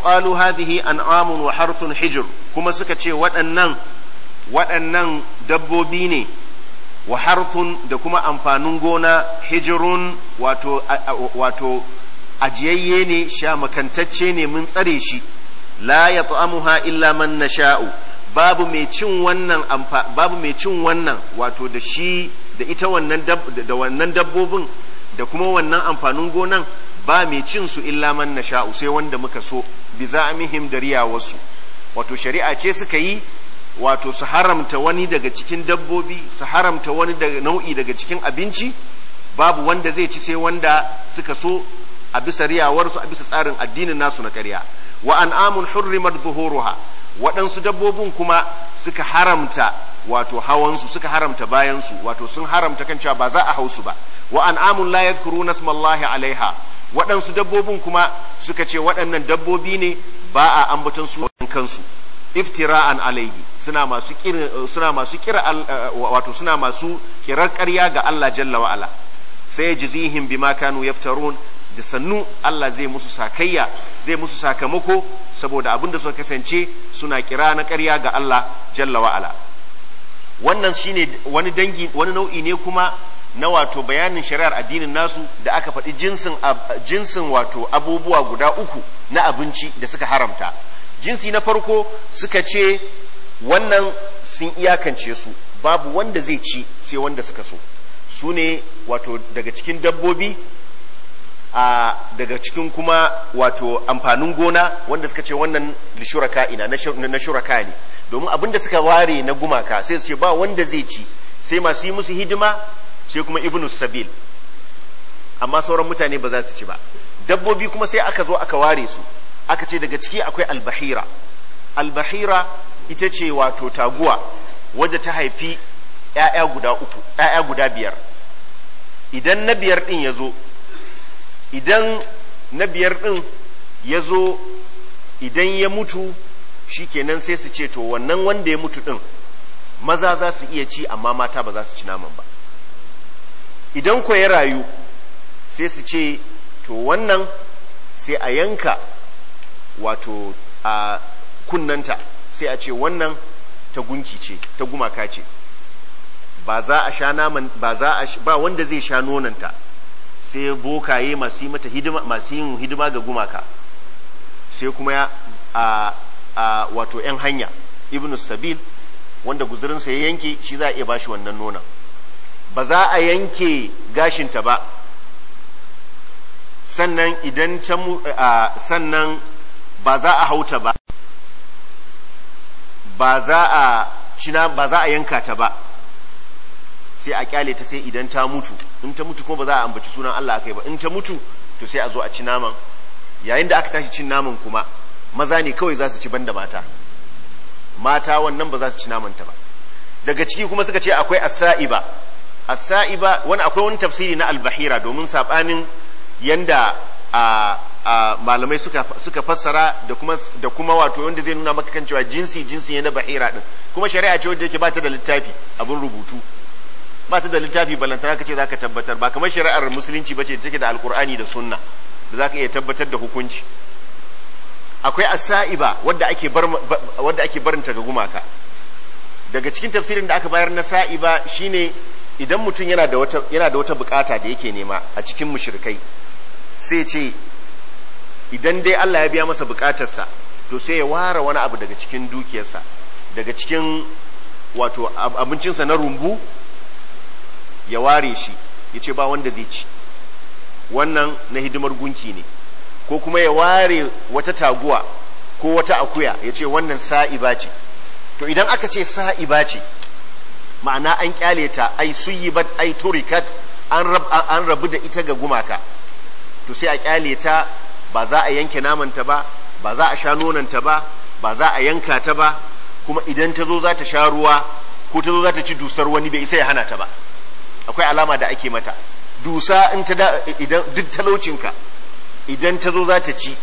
qalu hadhihi an'amun wa harthun hijr kuma suka ce waɗannan waɗannan dabbobi ne wa harthun da kuma amfanin gona hijirun wato wato ajiyayye ne sha makantacce ne mun tsare shi la ya ta'amuha illa man nasha'u babu mai cin wannan babu mai cin wannan wato da shi da ita wannan da wannan dabbobin da kuma wannan amfanin gonan ba mai cin su illa man nasha'u sai wanda muka so bi za'amihim da riyawarsu wato shari'a ce suka yi wato su haramta wani daga cikin dabbobi su haramta wani daga nau'i daga cikin abinci babu wanda zai ci sai wanda suka so a bisa riyawarsu a bisa tsarin addinin nasu na ƙarya wa an amun hurrimat zuhuruha waɗansu dabbobin kuma suka haramta wato hawansu suka haramta bayansu wato sun haramta kan cewa ba za a hau su ba wa an'amun la yadhkuruna smallahi alaiha waɗansu dabbobin kuma suka ce waɗannan dabbobi ne ba a ambaton su kansu iftira'an alaihi suna masu suna masu kira eh, wato suna masu kirar ƙarya ga Allah jalla wa ala sai jizihim bima kanu yaftarun da sannu Allah zai musu sakayya zai musu sakamako saboda abin da suka kasance suna kira na ƙarya ga Allah jalla wa'ala wannan shine wani dangi wani nau'i ne kuma na wato bayanin shari'ar addinin nasu da aka faɗi jinsin jinsin wato abubuwa guda uku na abinci da suka haramta jinsi na farko suka ce wannan sun iyakance su babu wanda zai ci sai wanda suka so su ne wato daga cikin dabbobi a daga cikin kuma wato amfanin gona wanda suka ce wannan lishuraka ina na shuraka ne domin abin da suka ware na gumaka sai su ce ba wanda zai ci sai masu yi musu hidima sai kuma ibnu sabil amma sauran mutane ba za su ci ba dabbobi kuma sai aka zo aka ware su aka ce daga ciki akwai albahira albahira ita ce wato taguwa wadda ta haifi 'ya'ya guda uku 'ya'ya guda biyar idan na biyar din ya zo idan na biyar ɗin ya zo idan ya mutu shi kenan sai su ce to wannan wanda ya mutu ɗin maza za su iya ci amma mata ba za su ci naman ba idan ko ya rayu sai su ce to wannan sai a yanka wato a kunnanta sai a ce wannan ta gunki ce ta gumaka ce ba za a sha naman ba wanda zai sha nonanta sai bokaye masu mata hidima masu yin hidima ga gumaka sai kuma a a wato yan hanya ibnu sabil wanda guzurinsa ya yanke shi za a iya bashi wannan nonon ba za a yanke gashinta ba sannan idan ta sannan ba za a hauta ba ba za a cina ba za a yanka ta ba sai a kyale ta sai idan ta mutu in ta mutu kuma ba za a ambaci sunan Allah akai ba in ta mutu to sai a zo a ci naman yayin da aka tashi cin naman kuma maza ne kawai za su ci banda mata mata wannan ba za su ci naman ta ba daga ciki kuma suka ce akwai as-sa'iba as-sa'iba wani akwai wani tafsiri na al-bahira domin sabanin yanda a Uh, malamai suka, suka fassara da kuma, da kuma wato wanda zai nuna maka kan cewa jinsi jinsi ne na bahira din kuma shari'a ce wanda yake ba ta da littafi abin rubutu ba ta da littafi balantana ka ce za ka tabbatar ba kamar shari'ar musulunci ba ce take da alkur'ani da sunna da za ka iya tabbatar da hukunci akwai asa'iba wadda ake barinta ga gumaka daga cikin tafsirin da aka bayar na sa'iba shine idan mutum yana da wata yana da bukata da yake nema a cikin mushrikai sai ce idan dai Allah ya biya masa bukatarsa to sai ya ware wani abu daga cikin dukiyarsa daga cikin wato abincinsa na rumbu ya ware shi ya ce ba wanda zai ci wannan na hidimar gunki ne ko kuma ya ware wata taguwa ko wata akuya ya ce wannan sa'i ba ce to idan aka ce ba ce ma'ana an kyale ta ai ba ai turikat an rabu da ita ga gumaka to sai a kyale ta ba za a yanke namanta ba ba za a sha nonanta ba ba za a yanka ta ba kuma idan ta zo za ta sha ruwa ko ta zo za ta ci dusar wani bai isa ya hana ta ba akwai alama da ake mata dusa in ta da idan duk talaucinka idan ta zo za ta ci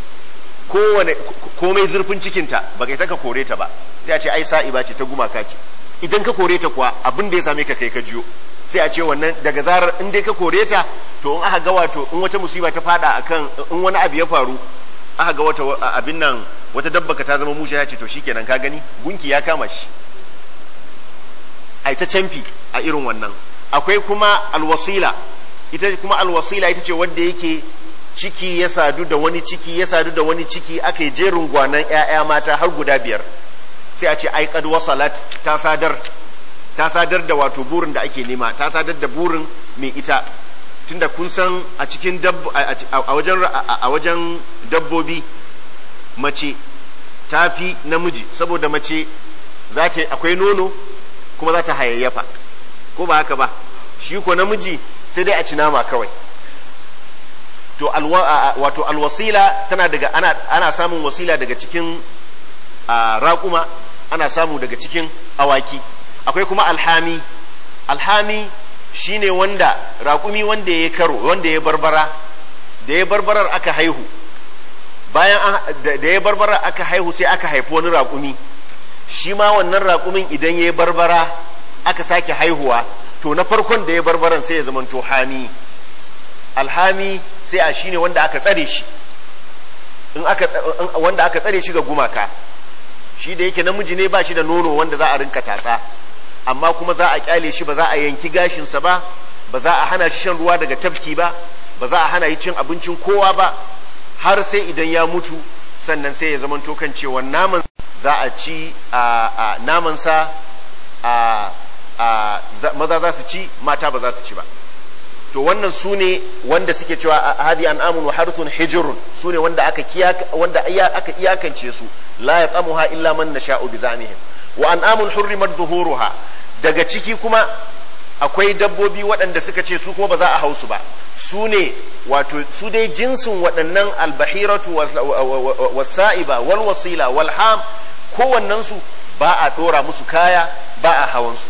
kowane komai zurfin cikinta ba kai saka kore ta ba sai a ce ai sa'i ba ce ta gumaka ce idan ka kore ta kuwa abin da ya same ka kai ka jiyo sai a ce wannan daga zarar in dai ka kore ta to in aka ga wato in wata musiba ta fada akan in wani abu ya faru aka ga wata abin nan wata dabba ka ta zama mushe ya ce to shikenan ka gani gunki ya kama shi ai ta canfi a irin wannan akwai kuma alwasila ita kuma alwasila ita ce wanda yake ciki ya sadu da wani ciki ya sadu da wani ciki aka yi jerin gwanan 'ya'ya mata har guda biyar sai a ce ai kad wasalat ta sadar ta sadar da wato burin da ake nema ta sadar da burin mai ita tunda kun san a cikin a wajen a wajen dabbobi mace tafi namiji saboda mace za akwai nono kuma za ta hayayyafa ko ba haka ba shi ko namiji sai dai a ci nama kawai to wato alwasila tana daga ana samun wasila daga cikin raƙuma ana samu daga cikin awaki akwai kuma alhami alhami shine wanda raƙumi wanda ya karo wanda ya barbara da ya barbarar aka haihu bayan da ya barbara aka haihu sai aka haifi wani raƙumi shi ma wannan raƙumin idan ya barbara aka sake haihuwa to na farkon da ya barbaran sai ya to hami alhami sai a shine wanda aka tsare shi in aka wanda aka tsare shi ga gumaka shi da yake namiji ne ba shi da nono wanda za a rinka tatsa amma kuma za a kyale shi ba za a yanki gashinsa ba ba za a hana shi shan ruwa daga tafki ba ba za a hana shi cin abincin kowa ba har sai idan ya mutu sannan sai ya zamanto kan cewa naman za a ci a namansa a maza za su ci mata ba za su ci ba to wannan su ne wanda suke cewa hadi an amun wa harthun hijirun su ne wanda aka wanda aka iyakance su la yaqamuha illa man nasha'u bi zamihim wa an amun hurrimat zuhuruha daga ciki kuma akwai dabbobi waɗanda suka ce su kuma ba za a hausu ba su ne wato su dai jinsin waɗannan albahiratu wasa'iba walwasila wasila wal ham kowannensu ba a ɗora musu kaya ba a hawansu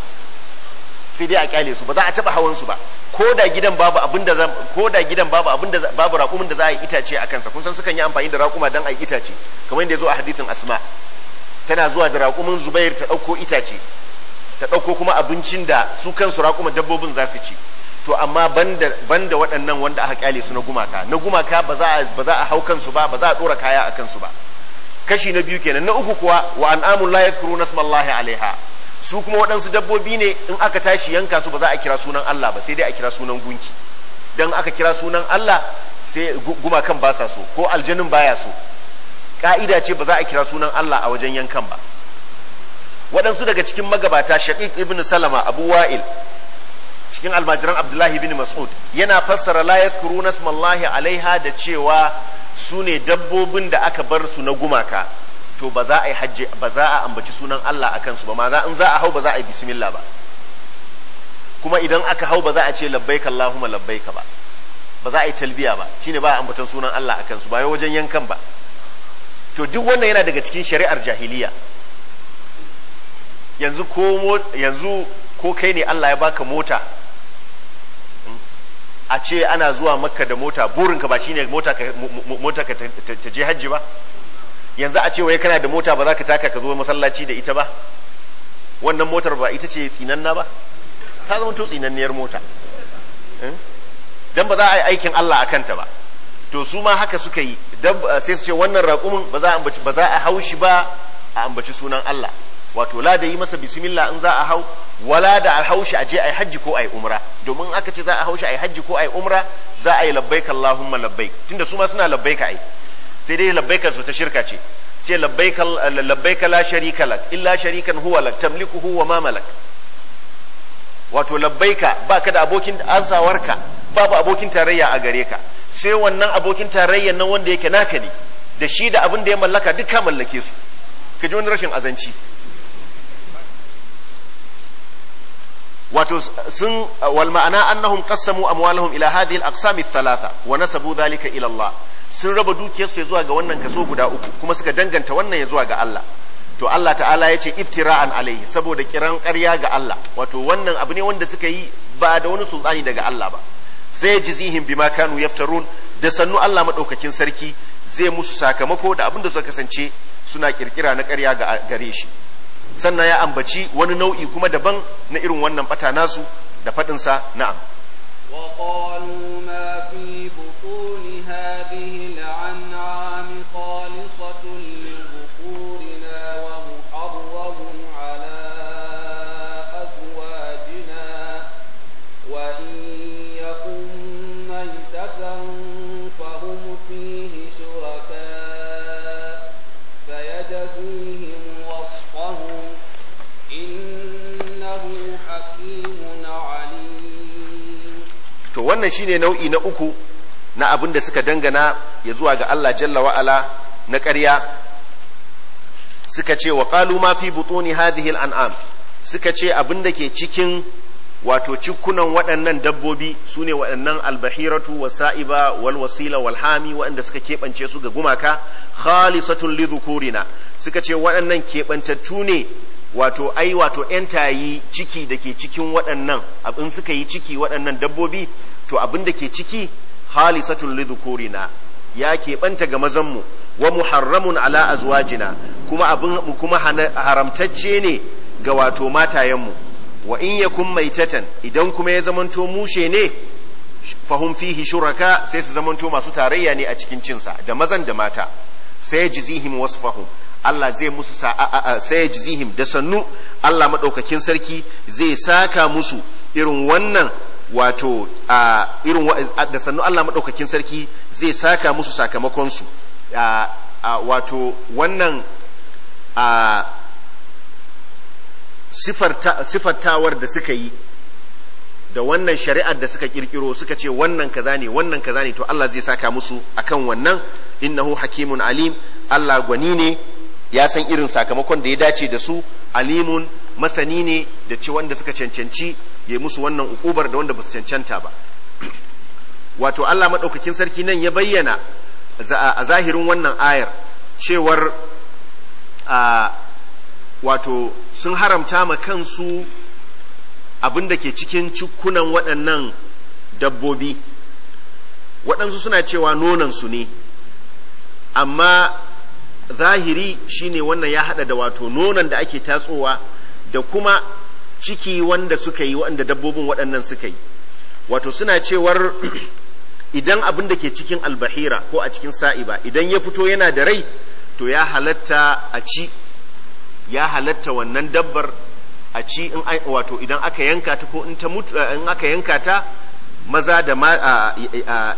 sai dai a kyale su ba za a taba hawan su ba ko da gidan babu abin da ko da gidan babu abin da babu raƙumin da za a yi itace a kansa kun san sukan yi amfani da raƙuma dan a yi itace kamar yadda ya zo a hadithin asma tana zuwa da raƙumin zubair ta ɗauko itace ta ɗauko kuma abincin da su kansu raƙuma dabbobin za su ci to amma banda banda waɗannan wanda aka kyale su na gumaka na gumaka ba za ba za a hau kansu ba ba za a ɗora kaya a kansu ba kashi na biyu kenan na uku kuwa wa an'amun la yadhkuruna nasmallahi alaiha su kuma waɗansu dabbobi ne in aka tashi yanka su ba za a kira sunan Allah ba sai dai a kira sunan gunki dan aka kira sunan Allah sai gumakan ba sa so ko aljanin baya so ka'ida ce ba za a kira sunan Allah a wajen yankan ba waɗansu daga cikin magabata shaqiq ibn salama abu wa'il cikin almajiran abdullahi ibn mas'ud yana fassara la yadhkuruna smallahi alaiha da cewa su ne dabbobin da aka bar su na gumaka to ba za a yi hajji ba za a ambaci sunan Allah a kansu ba ma za in za a hau ba za a yi bismillah ba kuma idan aka hau ba za a ce labbaika Allahumma labbaika ba ba za a yi talbiya ba shine ba a ambatan sunan Allah a kansu ba ya wajen yankan ba to duk wannan yana daga cikin shari'ar jahiliya yanzu ko yanzu ko kai ne Allah ya baka mota hmm, a ce ana zuwa makka da mota burinka ba shine mota ka mota ka ta je hajji ba yanzu a ce wai kana da mota ba za ka taka ka zo masallaci da ita ba wannan motar ba ita ce tsinanna ba ta zama to tsinanniyar mota hmm? dan ba za a yi aikin Allah a kanta ba to su ma haka suka yi eh, sai su ce wannan raƙumin ba za a haushi ba a ambaci sunan Allah wato la da yi masa bismillah in za a hau wala da a haushi a je a yi hajji ko a yi umra domin aka ce za a haushi a yi hajji ko a yi umra za a yi labbai Allahumma labbaik tunda su ma suna labbaika ai sai dai labbaikar su ta shirka ce sai labbaika la sharika lak illa sharikan huwa lak tamlikuhu wa ma malak wato labbaika ba ka da abokin ansawarka babu abokin tarayya a gare ka sai wannan abokin tarayya nan wanda yake naka ne da shi da abin da ya mallaka duk ka mallake su ka ji wani rashin azanci wato sun wal ma'ana annahum qassamu amwalahum ila hadhihi al-aqsam ath-thalatha wa nasabu dhalika ila Allah sun raba dukiyarsu ya zuwa ga wannan kaso guda uku kuma suka danganta wannan ya zuwa ga Allah to Allah ta'ala ya ce iftira'an alaihi saboda kiran ƙarya ga Allah wato wannan abu ne wanda suka yi ba da wani sultani daga Allah ba sai jizihim bima kanu yaftarun da sannu Allah madaukakin sarki zai musu sakamako da abin da suka kasance suna kirkira na ƙarya ga gare shi sannan ya ambaci wani nau'i kuma daban na irin wannan bata nasu da faɗinsa na'am وقالوا ما في بطون هذه shine nau'i na uku na abin da suka dangana ya zuwa ga Allah jalla wa'ala na ƙarya suka ce wa ƙalu ma fi butuni hadhihi an'am suka ce abin da ke cikin wato cikunan waɗannan dabbobi su ne waɗannan albahiratu wa sa'iba wal wasila hami waɗanda suka keɓance su ga gumaka khalisatun li dhukurina suka ce waɗannan keɓantattu ne wato ai wato ‘yan tayi ciki da ke cikin waɗannan abin suka yi ciki waɗannan dabbobi to abin da ke ciki khalisatun na ya ke keɓanta ga mazanmu wa muharramun ala azwajina kuma abin kuma haramtacce ne ga wato matayenmu wa in yakun maitatan idan kuma ya zamanto mushe ne fahum fihi shuraka sai su zamanto masu tarayya ne a cikin cinsa da mazan da mata sai jizihim wasfahum Allah zai musu sai jizihim da sannu Allah madaukakin sarki zai saka musu irin wannan wato a irin da sannu Allah maɗaukakin sarki zai saka musu sakamakonsu wato wannan a sifartawar da suka yi da wannan shari'ar da suka kirkiro suka ce wannan kaza ne wannan kaza ne to Allah zai saka musu akan wannan innahu hakimun alim Allah gwani ne ya san irin sakamakon da ya dace da su alimun masani ne da ci wanda suka cancanci ya musu wannan ukubar da wanda ba su cancanta ba wato Allah maɗaukakin sarki nan ya bayyana a zahirin wannan ayar cewar a wato sun haramta ma kansu abin da ke cikin cikunan waɗannan dabbobi waɗansu suna cewa nonansu ne amma zahiri shine wannan ya haɗa da wato nonan da ake tatsowa da kuma ciki wanda suka yi wanda dabbobin waɗannan suka yi wato suna cewar idan abin da ke cikin albahira ko a cikin sa'iba idan ya fito yana da rai to ya halatta a ci ya halatta wannan dabbar a ci wato idan aka yanka ta ko in ta mutu eh, in aka yanka ta maza da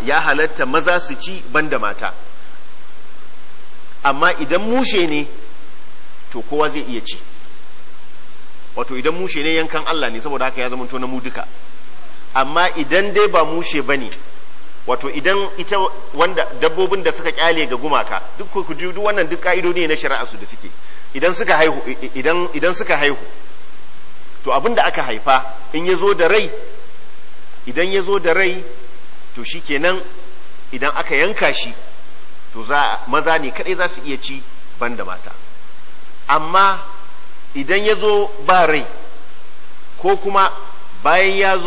ya halatta maza su ci banda mata amma idan mushe ne to kowa zai iya ci wato idan mushe ne yankan Allah ne saboda haka ya zama na mu duka amma idan dai ba mushe ba ne wato idan ita wanda dabbobin da suka kyale ga gumaka duk ku ji duk wannan duk ka'idodi ne na shari'a su da suke idan suka haihu idan idan suka haihu to abin da aka haifa in ya zo da rai idan ya zo da rai to shikenan idan aka yanka shi to za maza ne kadai za su iya ci banda mata amma idan ya zo ba rai ko kuma bayan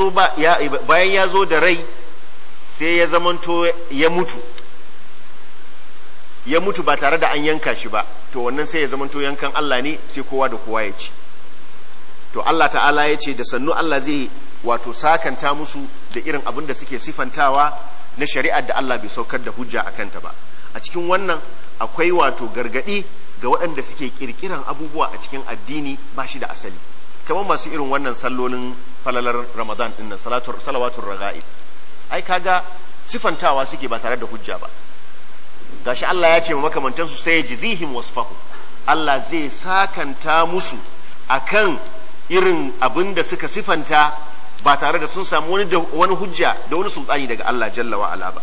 ya zo da rai sai ya zamanto ya mutu ya mutu ba tare da an yanka shi ba to wannan sai ya zamanto yankan Allah ne sai kowa da kowa ya ci to Allah ta'ala ya ce da sannu Allah zai wato sakanta musu da irin abin da suke sifantawa na shari'ar da Allah bai saukar da hujja a kanta ba a cikin wannan akwai wato gargadi ga waɗanda suke kirkiran abubuwa a cikin addini ba shi da asali kamar masu irin wannan sallolin falalar ramadan din nan salawatun raga'i ai kaga sifantawa suke ba tare da hujja ba gashi Allah ya ce wa makamantansu sai jizihim wasfahu Allah zai sakanta musu akan irin abin da suka sifanta ba tare da sun samu wani wani hujja da wani sultani daga Allah jalla wa ala ba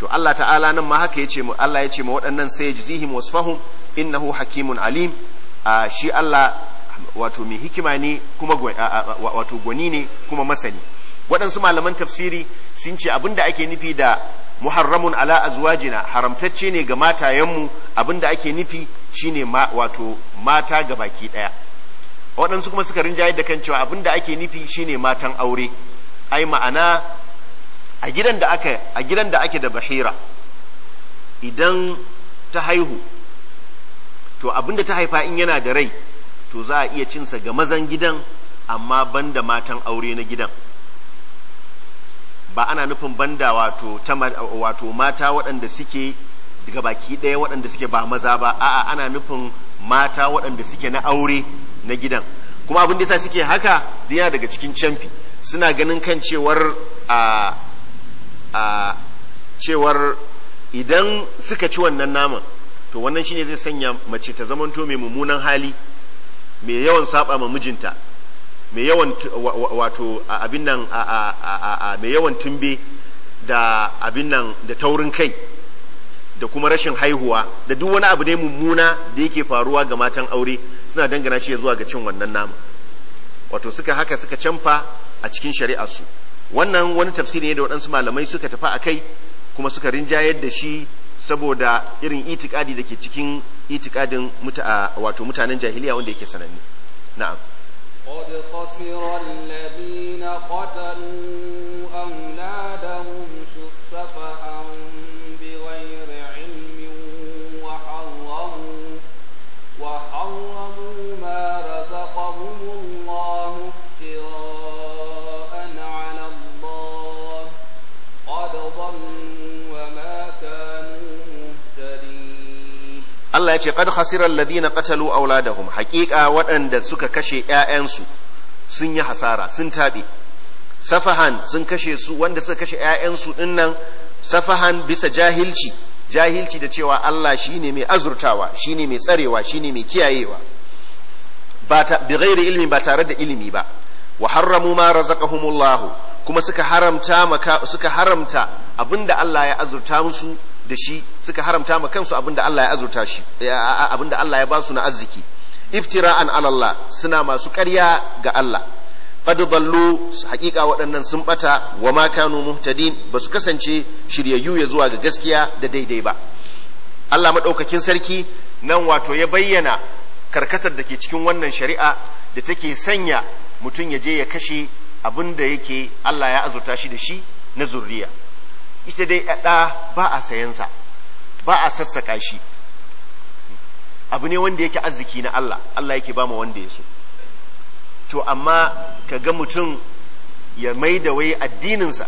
to Allah ta'ala nan ma haka ce mu Allah ce ma waɗannan sai jizihim wasfahum innahu hakimun alim shi Allah wato mai hikima ne kuma wato gwani ne kuma masani waɗansu malaman tafsiri sun ce abinda ake nufi da muharramun ala azwajina haramtacce ne ga matayenmu abinda ake nufi shine ma, wato mata ga baki ɗaya waɗansu kuma suka rinjaye da kan cewa abinda ake nufi shine matan aure ai ma'ana a gidan da ake da bahira idan ta haihu to abinda ta haifa in yana da rai to za a iya cinsa ga mazan gidan amma banda matan aure na gidan ba ana nufin banda wato wato mata waɗanda suke daga baki ɗaya waɗanda suke ba maza ba a'a ana nufin mata waɗanda suke na aure na gidan kuma abin da suke haka yana daga cikin canfi suna ganin kan cewar a cewar idan suka ci wannan naman to wannan shine zai sanya mace ta zamanto mai mummunan hali mai yawan saba ma mijinta mai yawan wato abin nan mai yawan tumbe da abin nan da taurin kai da kuma rashin haihuwa da duk wani abu ne mummuna da yake faruwa ga matan aure suna dangana shi zuwa ga cin wannan nama wato suka haka suka canfa a cikin shari'ar su wannan wani tafsiri ne da waɗansu malamai suka tafi a kai kuma suka rinjayar da shi saboda irin itikadi da ke cikin itikadin wato mutanen jahiliya wanda yake sananne na'am قد خسر الذين قتلوا أولادهم سفها بغير علم وحرموا, وحرموا ما رزقهم Allah ya ce qad khasira alladhina qatalu auladahum haqiqa waɗanda suka kashe ƴaƴansu sun yi hasara sun tabe safahan sun kashe su wanda suka kashe ƴaƴansu dinnan safahan bisa jahilci jahilci da cewa Allah shine mai azurtawa shine mai tsarewa shine mai kiyayewa ba ta bi ghairi ilmi ba tare da ilimi ba wa harramu ma razaqahumullah kuma suka haramta suka haramta abinda Allah ya azurta musu da shi suka haramta ma kansu abinda Allah ya azurta shi abinda Allah ya ba su na arziki iftira'an ala Allah suna masu ƙarya ga Allah qad dallu haƙiƙa waɗannan sun bata wa ma kanu muhtadin ba su kasance shiryayyu ya zuwa ga gaskiya da daidai ba Allah madaukakin sarki nan wato ya bayyana karkatar da ke cikin wannan shari'a da take sanya mutum ya je ya kashe abinda da yake Allah ya azurta shi da shi na zurriya ita dai ɗa ba a sayansa ba a sassaka shi abu ne wanda yake arziki na Allah Allah yake ba ma wanda ya so to amma ka ga mutum ya mai da wai addininsa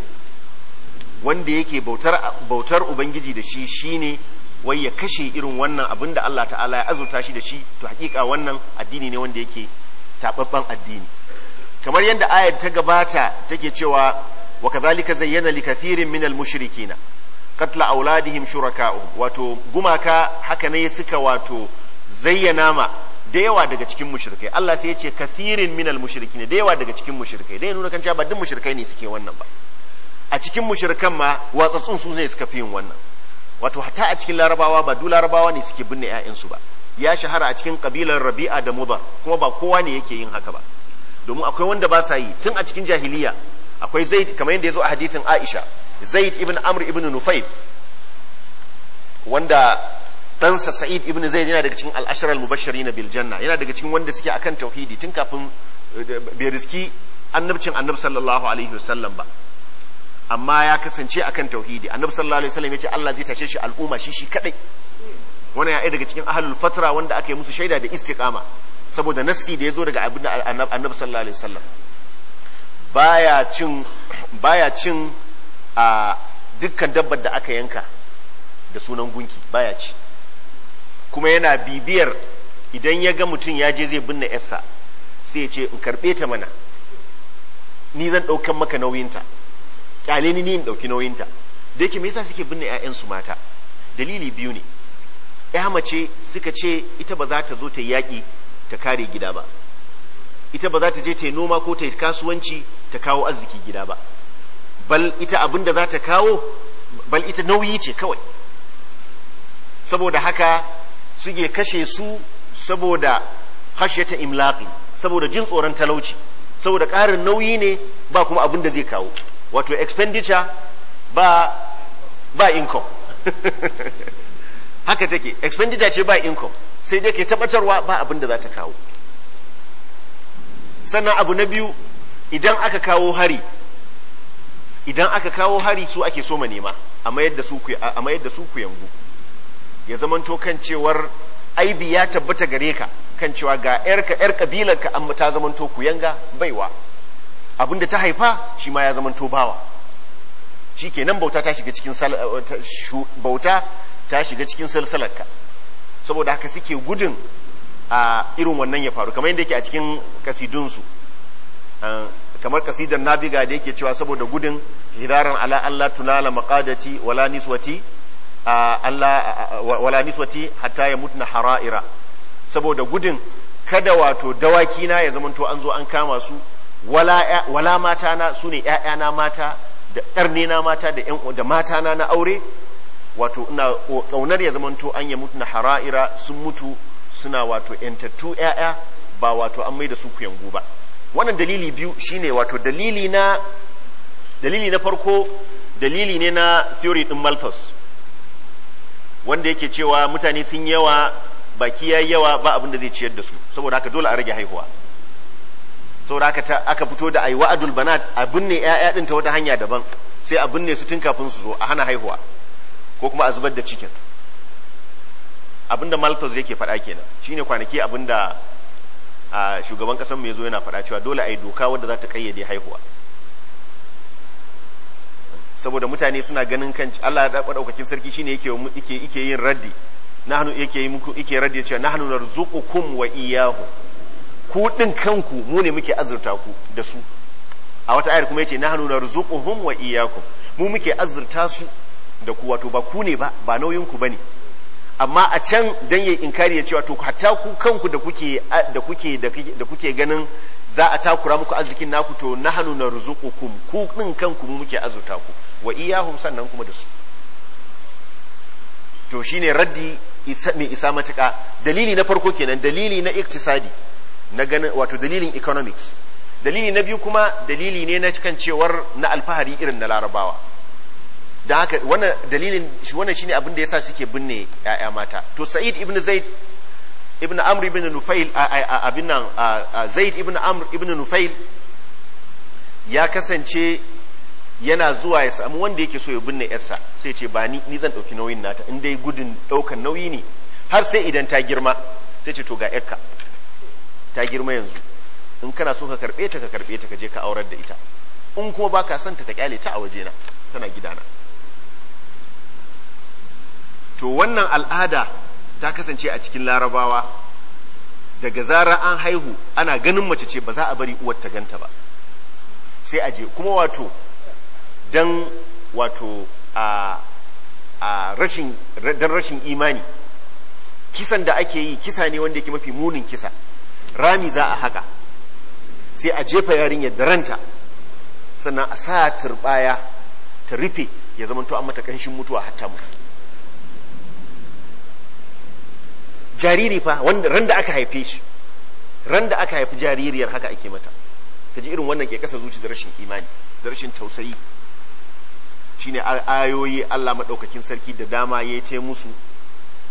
wanda yake bautar ubangiji da shi shi ne wai ya kashe irin wannan abin da Allah ta'ala ya azurta shi da shi to hakika wannan addini ne wanda yake taɓaɓɓen addini kamar yadda ayat ta gabata take cewa وكذلك زين لكثير من المشركين قتل أولادهم شركاؤهم واتو قمك حكا na واتو زينا ما da yawa daga cikin mushrikai Allah sai ya ce kathirin minal mushrikin da yawa daga cikin mushrikai dai nuna kan cewa ba duk mushrikai ne suke wannan ba a cikin mushrikan ma watsatsun su ne suka fi yin wannan wato hatta a cikin larabawa ba duk larabawa ne suke binne su ba ya shahara a cikin kabilar Rabi'a da Mudar kuma ba kowa ne yake yin haka ba domin akwai wanda ba sa yi tun a cikin jahiliya akwai zaid kamar yadda ya zo a hadithin aisha zaid ibn amr ibn nufayl wanda ɗansa sa'id ibn zaid yana daga cikin al'ashar al-mubashari na biljanna yana daga cikin wanda suke akan tauhidi tun kafin eh, bai riski annabcin annab sallallahu alaihi wasallam ba amma ya kasance akan tauhidi annab sallallahu alaihi wasallam ya ce Allah zai tashe shi al'umma shi shi kadai wani ya daga cikin ahlul fatra wanda aka yi musu shaida da istiqama saboda nassi da ya zo daga annab sallallahu alaihi wasallam baya cin baya cin a dukkan dabbar da aka yanka da sunan gunki baya ci kuma yana bibiyar idan ya ga mutum ya je zai binne yarsa sai ya ce in karbe ta mana ni zan daukan maka nauyinta kyale ni in ɗauki nauyinta da yake me yasa suke binne 'ya'yansu mata dalili biyu ne ya mace suka ce ita ba za ta zo ta yaƙi ta kare gida ba ita ba za ta je ta yi noma ko ta yi kasuwanci ta kawo arziki gida ba bal ita abin da za ta kawo bal ita nauyi ce kawai saboda haka suke kashe su saboda ta imlaqi saboda jin tsoron talauci saboda ƙarin nauyi ne ba kuma abin da zai kawo wato expenditure ba ba income haka take expenditure ce ba income sai dai ke tabbatarwa ba abin da za ta kawo sannan abu na biyu idan aka kawo hari idan aka kawo hari su ake so ma nema amma yadda su ku yangu ya zamanto kan cewar aibi ya tabbata gare ka kan cewa ga yarka yar kabilar ka amma ta zamanto ku yanga baiwa abinda ta haifa shi ma ya zamanto bawa shi ke nan bauta ta shiga cikin bauta ta shiga cikin salsalar saboda haka suke gudun a irin wannan ya faru kamar yadda yake a cikin kasidunsu kamar kasidar nabiga da yake cewa saboda gudun hidaran ala Allah tulala maqadati wala niswati Allah wala niswati hatta ya mutna hara'ira saboda gudun kada wato dawaki na ya zamanto an zo an kama su wala wala mata na sune ƴaƴana mata da ƙarni na mata da da mata na na aure wato ina kaunar ya zamanto an ya mutna hara'ira sun mutu suna wato ƴantattu ƴaƴa ba wato an mai da su kuyangu ba wannan dalili biyu shine wato dalili na dalili na farko dalili ne na theory din Malthus wanda yake cewa mutane sun yawa baki yayi yawa ba abin da zai ciyar da su saboda haka dole a rage haihuwa saboda haka ta aka fito da ai wa'adul banat abin ne yaya din ta wata hanya daban sai abin ne su tun kafin su zo a hana haihuwa ko kuma a zubar da cikin abinda Malthus yake faɗa kenan shine kwanaki abinda a shugaban kasan mai zo yana faɗa cewa dole a yi doka wadda za ta kayyade haihuwa saboda mutane suna ganin kan Allah ya daukakin sarki shine yake yake yake yin raddi nahnu yake yi muku yake raddi cewa nahnu narzuqukum wa iyyahu ku din kanku mu ne muke azurta ku da su a wata ayar kuma yace nahnu narzuquhum wa iyyakum mu muke azurta su da ku wato ba ku ne ba ba nauyin ku bane amma a can dan yayi inkari ya cewa to hatta ku kanku da kuke da kuke da kuke ganin za a takura muku arzikin naku to nahnu narzuqukum ku din kanku mu muke azuta ku wa iyahum sannan kuma da su to shine raddi isa mai isa matuka dalili na farko kenan dalili na iktisadi na ganin wato dalilin economics dalili na biyu kuma dalili ne na cikan cewar na alfahari irin na larabawa da haka wannan dalilin shi wannan shine abin da yasa ke binne ya'ya mata to sa'id ibn zaid ibn amr ibn nufail abin nan zaid ibn amr ibn nufail ya kasance yana zuwa ya samu wanda yake so ya binne yarsa sai ce ba ni ni zan dauki nauyin nata in dai gudun daukan nauyi ne har sai idan ta girma sai ce to ga yarka ta girma yanzu in kana so ka karbe ta ka karbe ta ka je ka aurar da ita in kuma baka son ta ka kyale ta a waje na tana gidana to wannan al'ada ta kasance a cikin larabawa daga zara an haihu ana ganin mace ce ba za a bari uwar ta ganta ba sai a je kuma wato dan wato a a rashin dan rashin imani kisan da ake yi kisa ne wanda yake mafi munin kisa rami za a haka sai a jefa yarinyar da ranta sannan a sa turbaya ta rufe ya zama to an mata kanshin mutuwa hatta mutu jariri fa wanda ran da aka haife shi ran da aka haifi jaririyar haka ake mata ka ji irin wannan ke kasa zuci da rashin imani da rashin tausayi shine ayoyi Allah maɗaukakin sarki da dama ya yi musu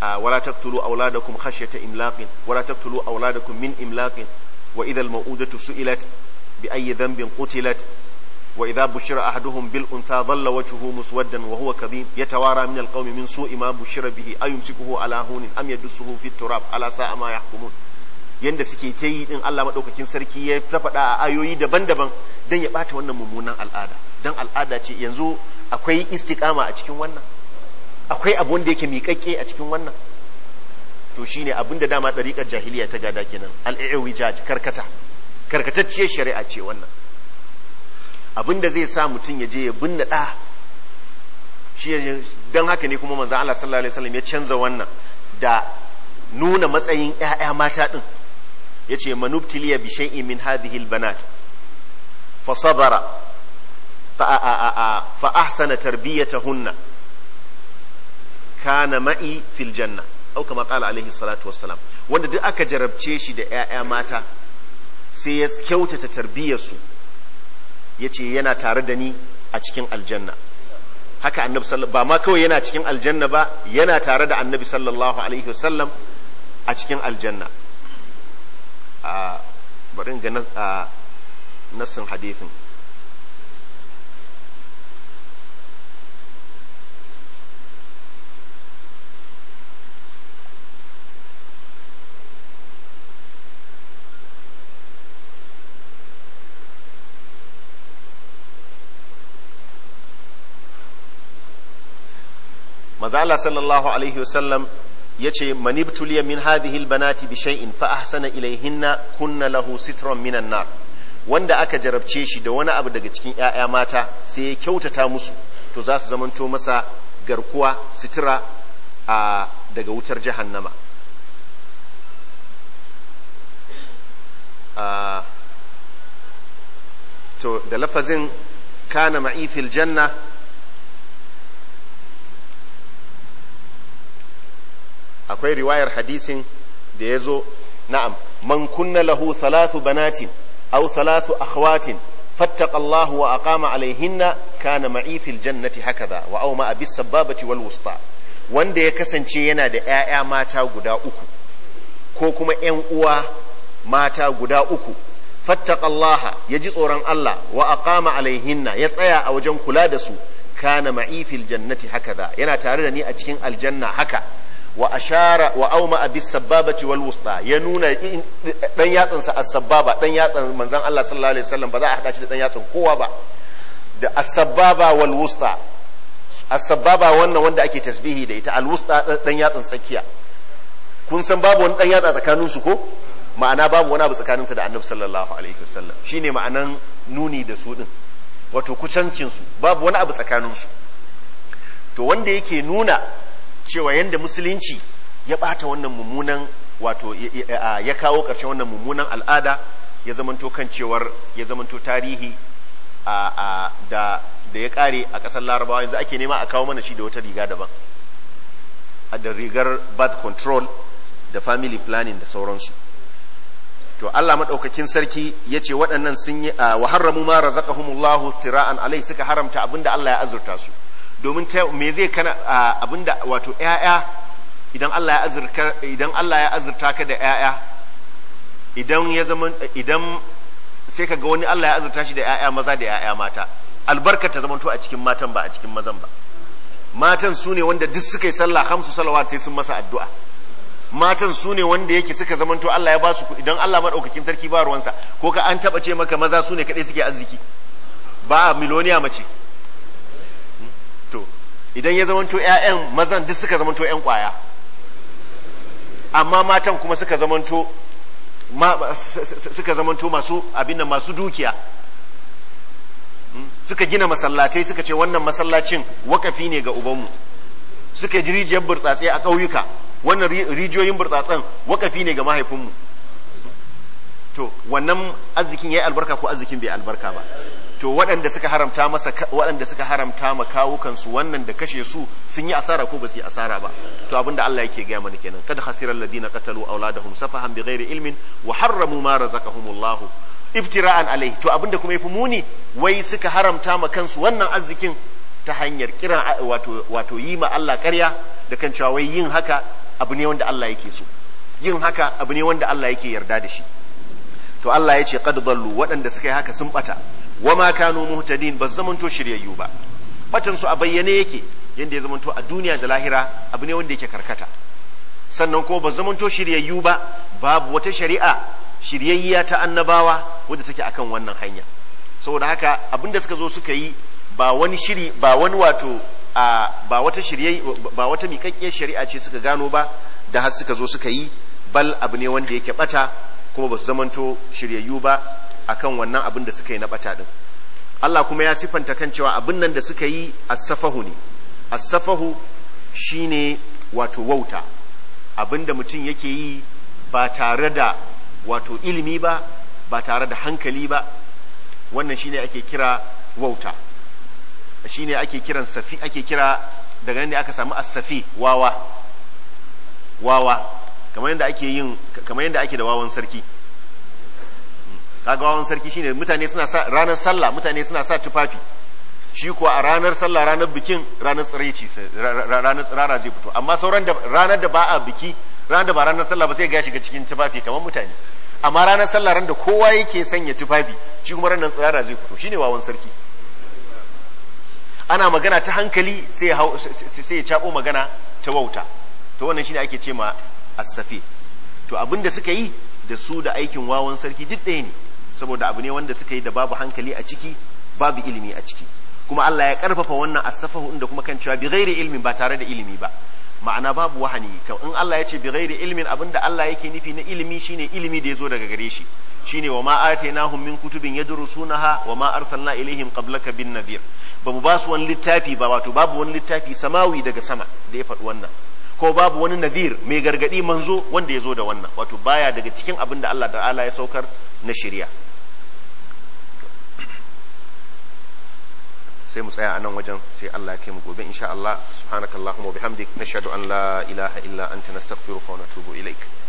wala taqtulu auladakum khashyata imlaqin wala taqtulu auladakum min imlaqin wa idha ma'udatu mauudatu su'ilat bi ayyi dhanbin qutilat وإذا بشر أحدهم بالأنثى ظل وجهه مسودا وهو كظيم يتوارى من القوم من سوء ما بشر به أيمسكه على هون أم يدسه في التراب على ساء ما يحكمون yanda suke ta yi din Allah madaukakin sarki ya ta faɗa a ayoyi daban-daban don ya ɓata wannan mummunan al'ada don al'ada ce yanzu akwai istiƙama a cikin wannan akwai abu wanda yake miƙaƙƙe a cikin wannan to shine abin da dama ɗariƙar jahiliya ta gada kenan al'i'wijaj karkata karkatacciyar shari'a ce wannan abinda zai sa mutum ya je ya binne ɗa shi don haka ne kuma manzo Allah sallallahu alaihi wasallam ya canza wannan da nuna matsayin ƴaƴa mata din yace manubtiliya bi shay'in min hadhihi albanat fa sabara fa ahsana tarbiyatahunna kana ma'i fil janna au kama qala alaihi salatu wassalam wanda duk aka jarabce shi da ƴaƴa mata sai ya kyautata tarbiyarsu su ya ce yana tare da ni a cikin aljanna haka annabi ba ma kawai yana cikin aljanna ba yana tare da annabi sallallahu alaihi wasallam a cikin aljanna a ah, barin ga ah, nassin hadithin manzo Allah sallallahu alaihi wasallam yace manibtuliya min hadhihi albanati bi shay'in fa ahsana ilayhinna kunna lahu sitran minan nar wanda aka jarabce shi da wani abu daga cikin ƴaƴa mata sai ya kyautata musu to za su zamanto masa garkuwa sitira a daga wutar jahannama a to da lafazin kana ma'ifil janna akwai riwayar hadisin da ya zo na'am man kunna lahu thalathu banatin aw thalathu akhwatin fattaqallahu wa aqama alaihinna kana ma'i jannati hakaza wa aw ma'a bis sababati wal wusta wanda ya kasance yana da ƴaƴa mata guda uku ko kuma ƴan uwa mata guda uku fattaqallaha yaji tsoron Allah wa aqama alaihinna ya tsaya a wajen kula da su kana ma'i jannati hakaza yana tare da ni a cikin aljanna haka wa ashara wa auma abis sababati wal wusta ya nuna dan yatsan sa as-sababa dan yatsan manzon Allah sallallahu alaihi wasallam ba za a hada shi da dan yatsan kowa ba da as-sababa wal wusta as-sababa wannan wanda ake tasbihi da ita al-wusta dan yatsan sakiya. kun san babu wani dan yatsa tsakanin su ko ma'ana babu wani abu tsakaninsa da annabi sallallahu alaihi wasallam shine ma'anan nuni da su din wato kucancin su babu wani abu tsakanin su to wanda yake nuna cewa yadda musulunci ya bata wannan mummunan wato ya kawo ƙarshen wannan mummunan al'ada ya zamanto kan cewar ya zamanto tarihi da ya ƙare a ƙasar larabawa yanzu ake nema a kawo mana shi da wata riga daban da rigar birth control da family planning da sauransu to Allah madaukakin sarki ya ce waɗannan sun yi wa harramu ma razaqahumullahu iftira'an alai suka haramta abinda Allah ya azurta su domin me zai kana abinda wato ‘ya'ya idan Allah ya azurta ka da ‘ya'ya idan ya zama idan sai ka ga wani Allah ya azurta shi da ‘ya'ya maza da ‘ya'ya mata albarka ta zamanto a cikin matan ba a cikin mazan ba matan su ne wanda duk suka yi sallah hamsu salawat sai sun masa addu'a matan su ne wanda yake suka zamanto Allah ya ba su idan Allah maɗaukakin sarki ba ruwansa ko ka an taɓa ce maka maza su ne kadai suke arziki ba miloniya mace idan ya zamanto 'ya'yan mazan duk suka zamanto 'yan kwaya amma matan kuma suka zamanto suka zamanto masu abin nan masu dukiya hmm? suka gina masallatai suka ce wannan masallacin wakafi ne ga ubanmu suka ji rijiyar burtsatse a ƙauyuka wannan rijiyoyin burtsatsen wakafi ne ga mahaifinmu to wannan arzikin ya yi albarka ko arzikin bai albarka ba to waɗanda suka haramta masa waɗanda suka haramta ma kawukan wannan da kashe su sun yi asara ko ba su yi asara ba to abinda Allah yake gaya mana kenan kad khasiral ladina qatalu auladahum safahan bighairi ilmin wa harramu ma razaqahumullahu iftira'an alai to abinda kuma yafi muni wai suka haramta ma kansu wannan arzikin ta hanyar kiran wato wato yi ma Allah ƙarya da kan cewa wai yin haka abu ne wanda Allah yake so yin haka abu ne wanda Allah yake yarda da shi to Allah ya ce qad dhallu waɗanda suka yi haka sun bata wa ma kanu muhtadin ba zamanto shiryayyu ba batan su a bayyane yake yanda ya zamanto a duniya da lahira abu ne wanda yake karkata sannan kuma ba zamanto shiryayyu ba babu wata shari'a shiryayya ta annabawa wadda take akan wannan hanya saboda haka abinda suka zo suka yi ba wani shiri ba wani wato ba wata shirye ba wata miƙaƙƙiyar shari'a ce suka gano ba da har suka zo suka yi bal abu ne wanda yake bata kuma ba su zamanto shiryayyu ba akan wannan abin da suka yi na bata din Allah kuma ya sifanta kan cewa abin nan da suka yi as-safahu ne as-safahu shine wato wauta abin da mutum yake yi ba tare da wato ilimi ba ba tare da hankali ba wannan shine ake kira wauta shine ake kiran safi ake kira daga nan ne aka samu as-safi wawa wawa kamar yadda ake yin kamar yadda ake da wawan sarki kagawan wawan sarki shine mutane suna sa ranar sallah mutane suna sa tufafi shi kuwa a ranar sallah ranar bikin ranar tsiraici ranar tsirara zai fito amma sauran da ranar da ba a biki ranar da ba ranar sallah ba sai ga shiga cikin tufafi kamar mutane amma ranar sallah ran da kowa yake sanya tufafi shi kuma ranar tsirara zai fito shine wawan sarki ana magana ta hankali sai ya cabo magana ta wauta to wannan shine ake ce ma as-safi to abinda suka yi da su da aikin wawan sarki duk ɗaya ne saboda abu ne wanda suka yi da babu hankali a ciki babu ilimi a ciki kuma Allah ya karfafa wannan asafahu inda kuma kan cewa bi ghairi ilmin ba tare da ilimi ba ma'ana babu wahani in Allah ya ce bi ghairi ilmin abinda Allah yake nufi na ilimi shine ilimi da yazo daga gare shi shine wa ma atainahum min kutubin yadrusunaha wa ma arsalna ilaihim qablaka bin nadir ba basu wani littafi ba wato babu wani littafi samawi daga sama da ya faɗi wannan ko babu wani nadir mai gargadi manzo wanda yazo da wannan wato baya daga cikin abinda Allah ta'ala ya saukar na shari'a sai mu tsaya a nan wajen sai Allah ya kai mu gobe insha Allah subhanakallahumma bihamdik nashhadu an la ilaha illa anta nastaghfiruka wa natubu ilaik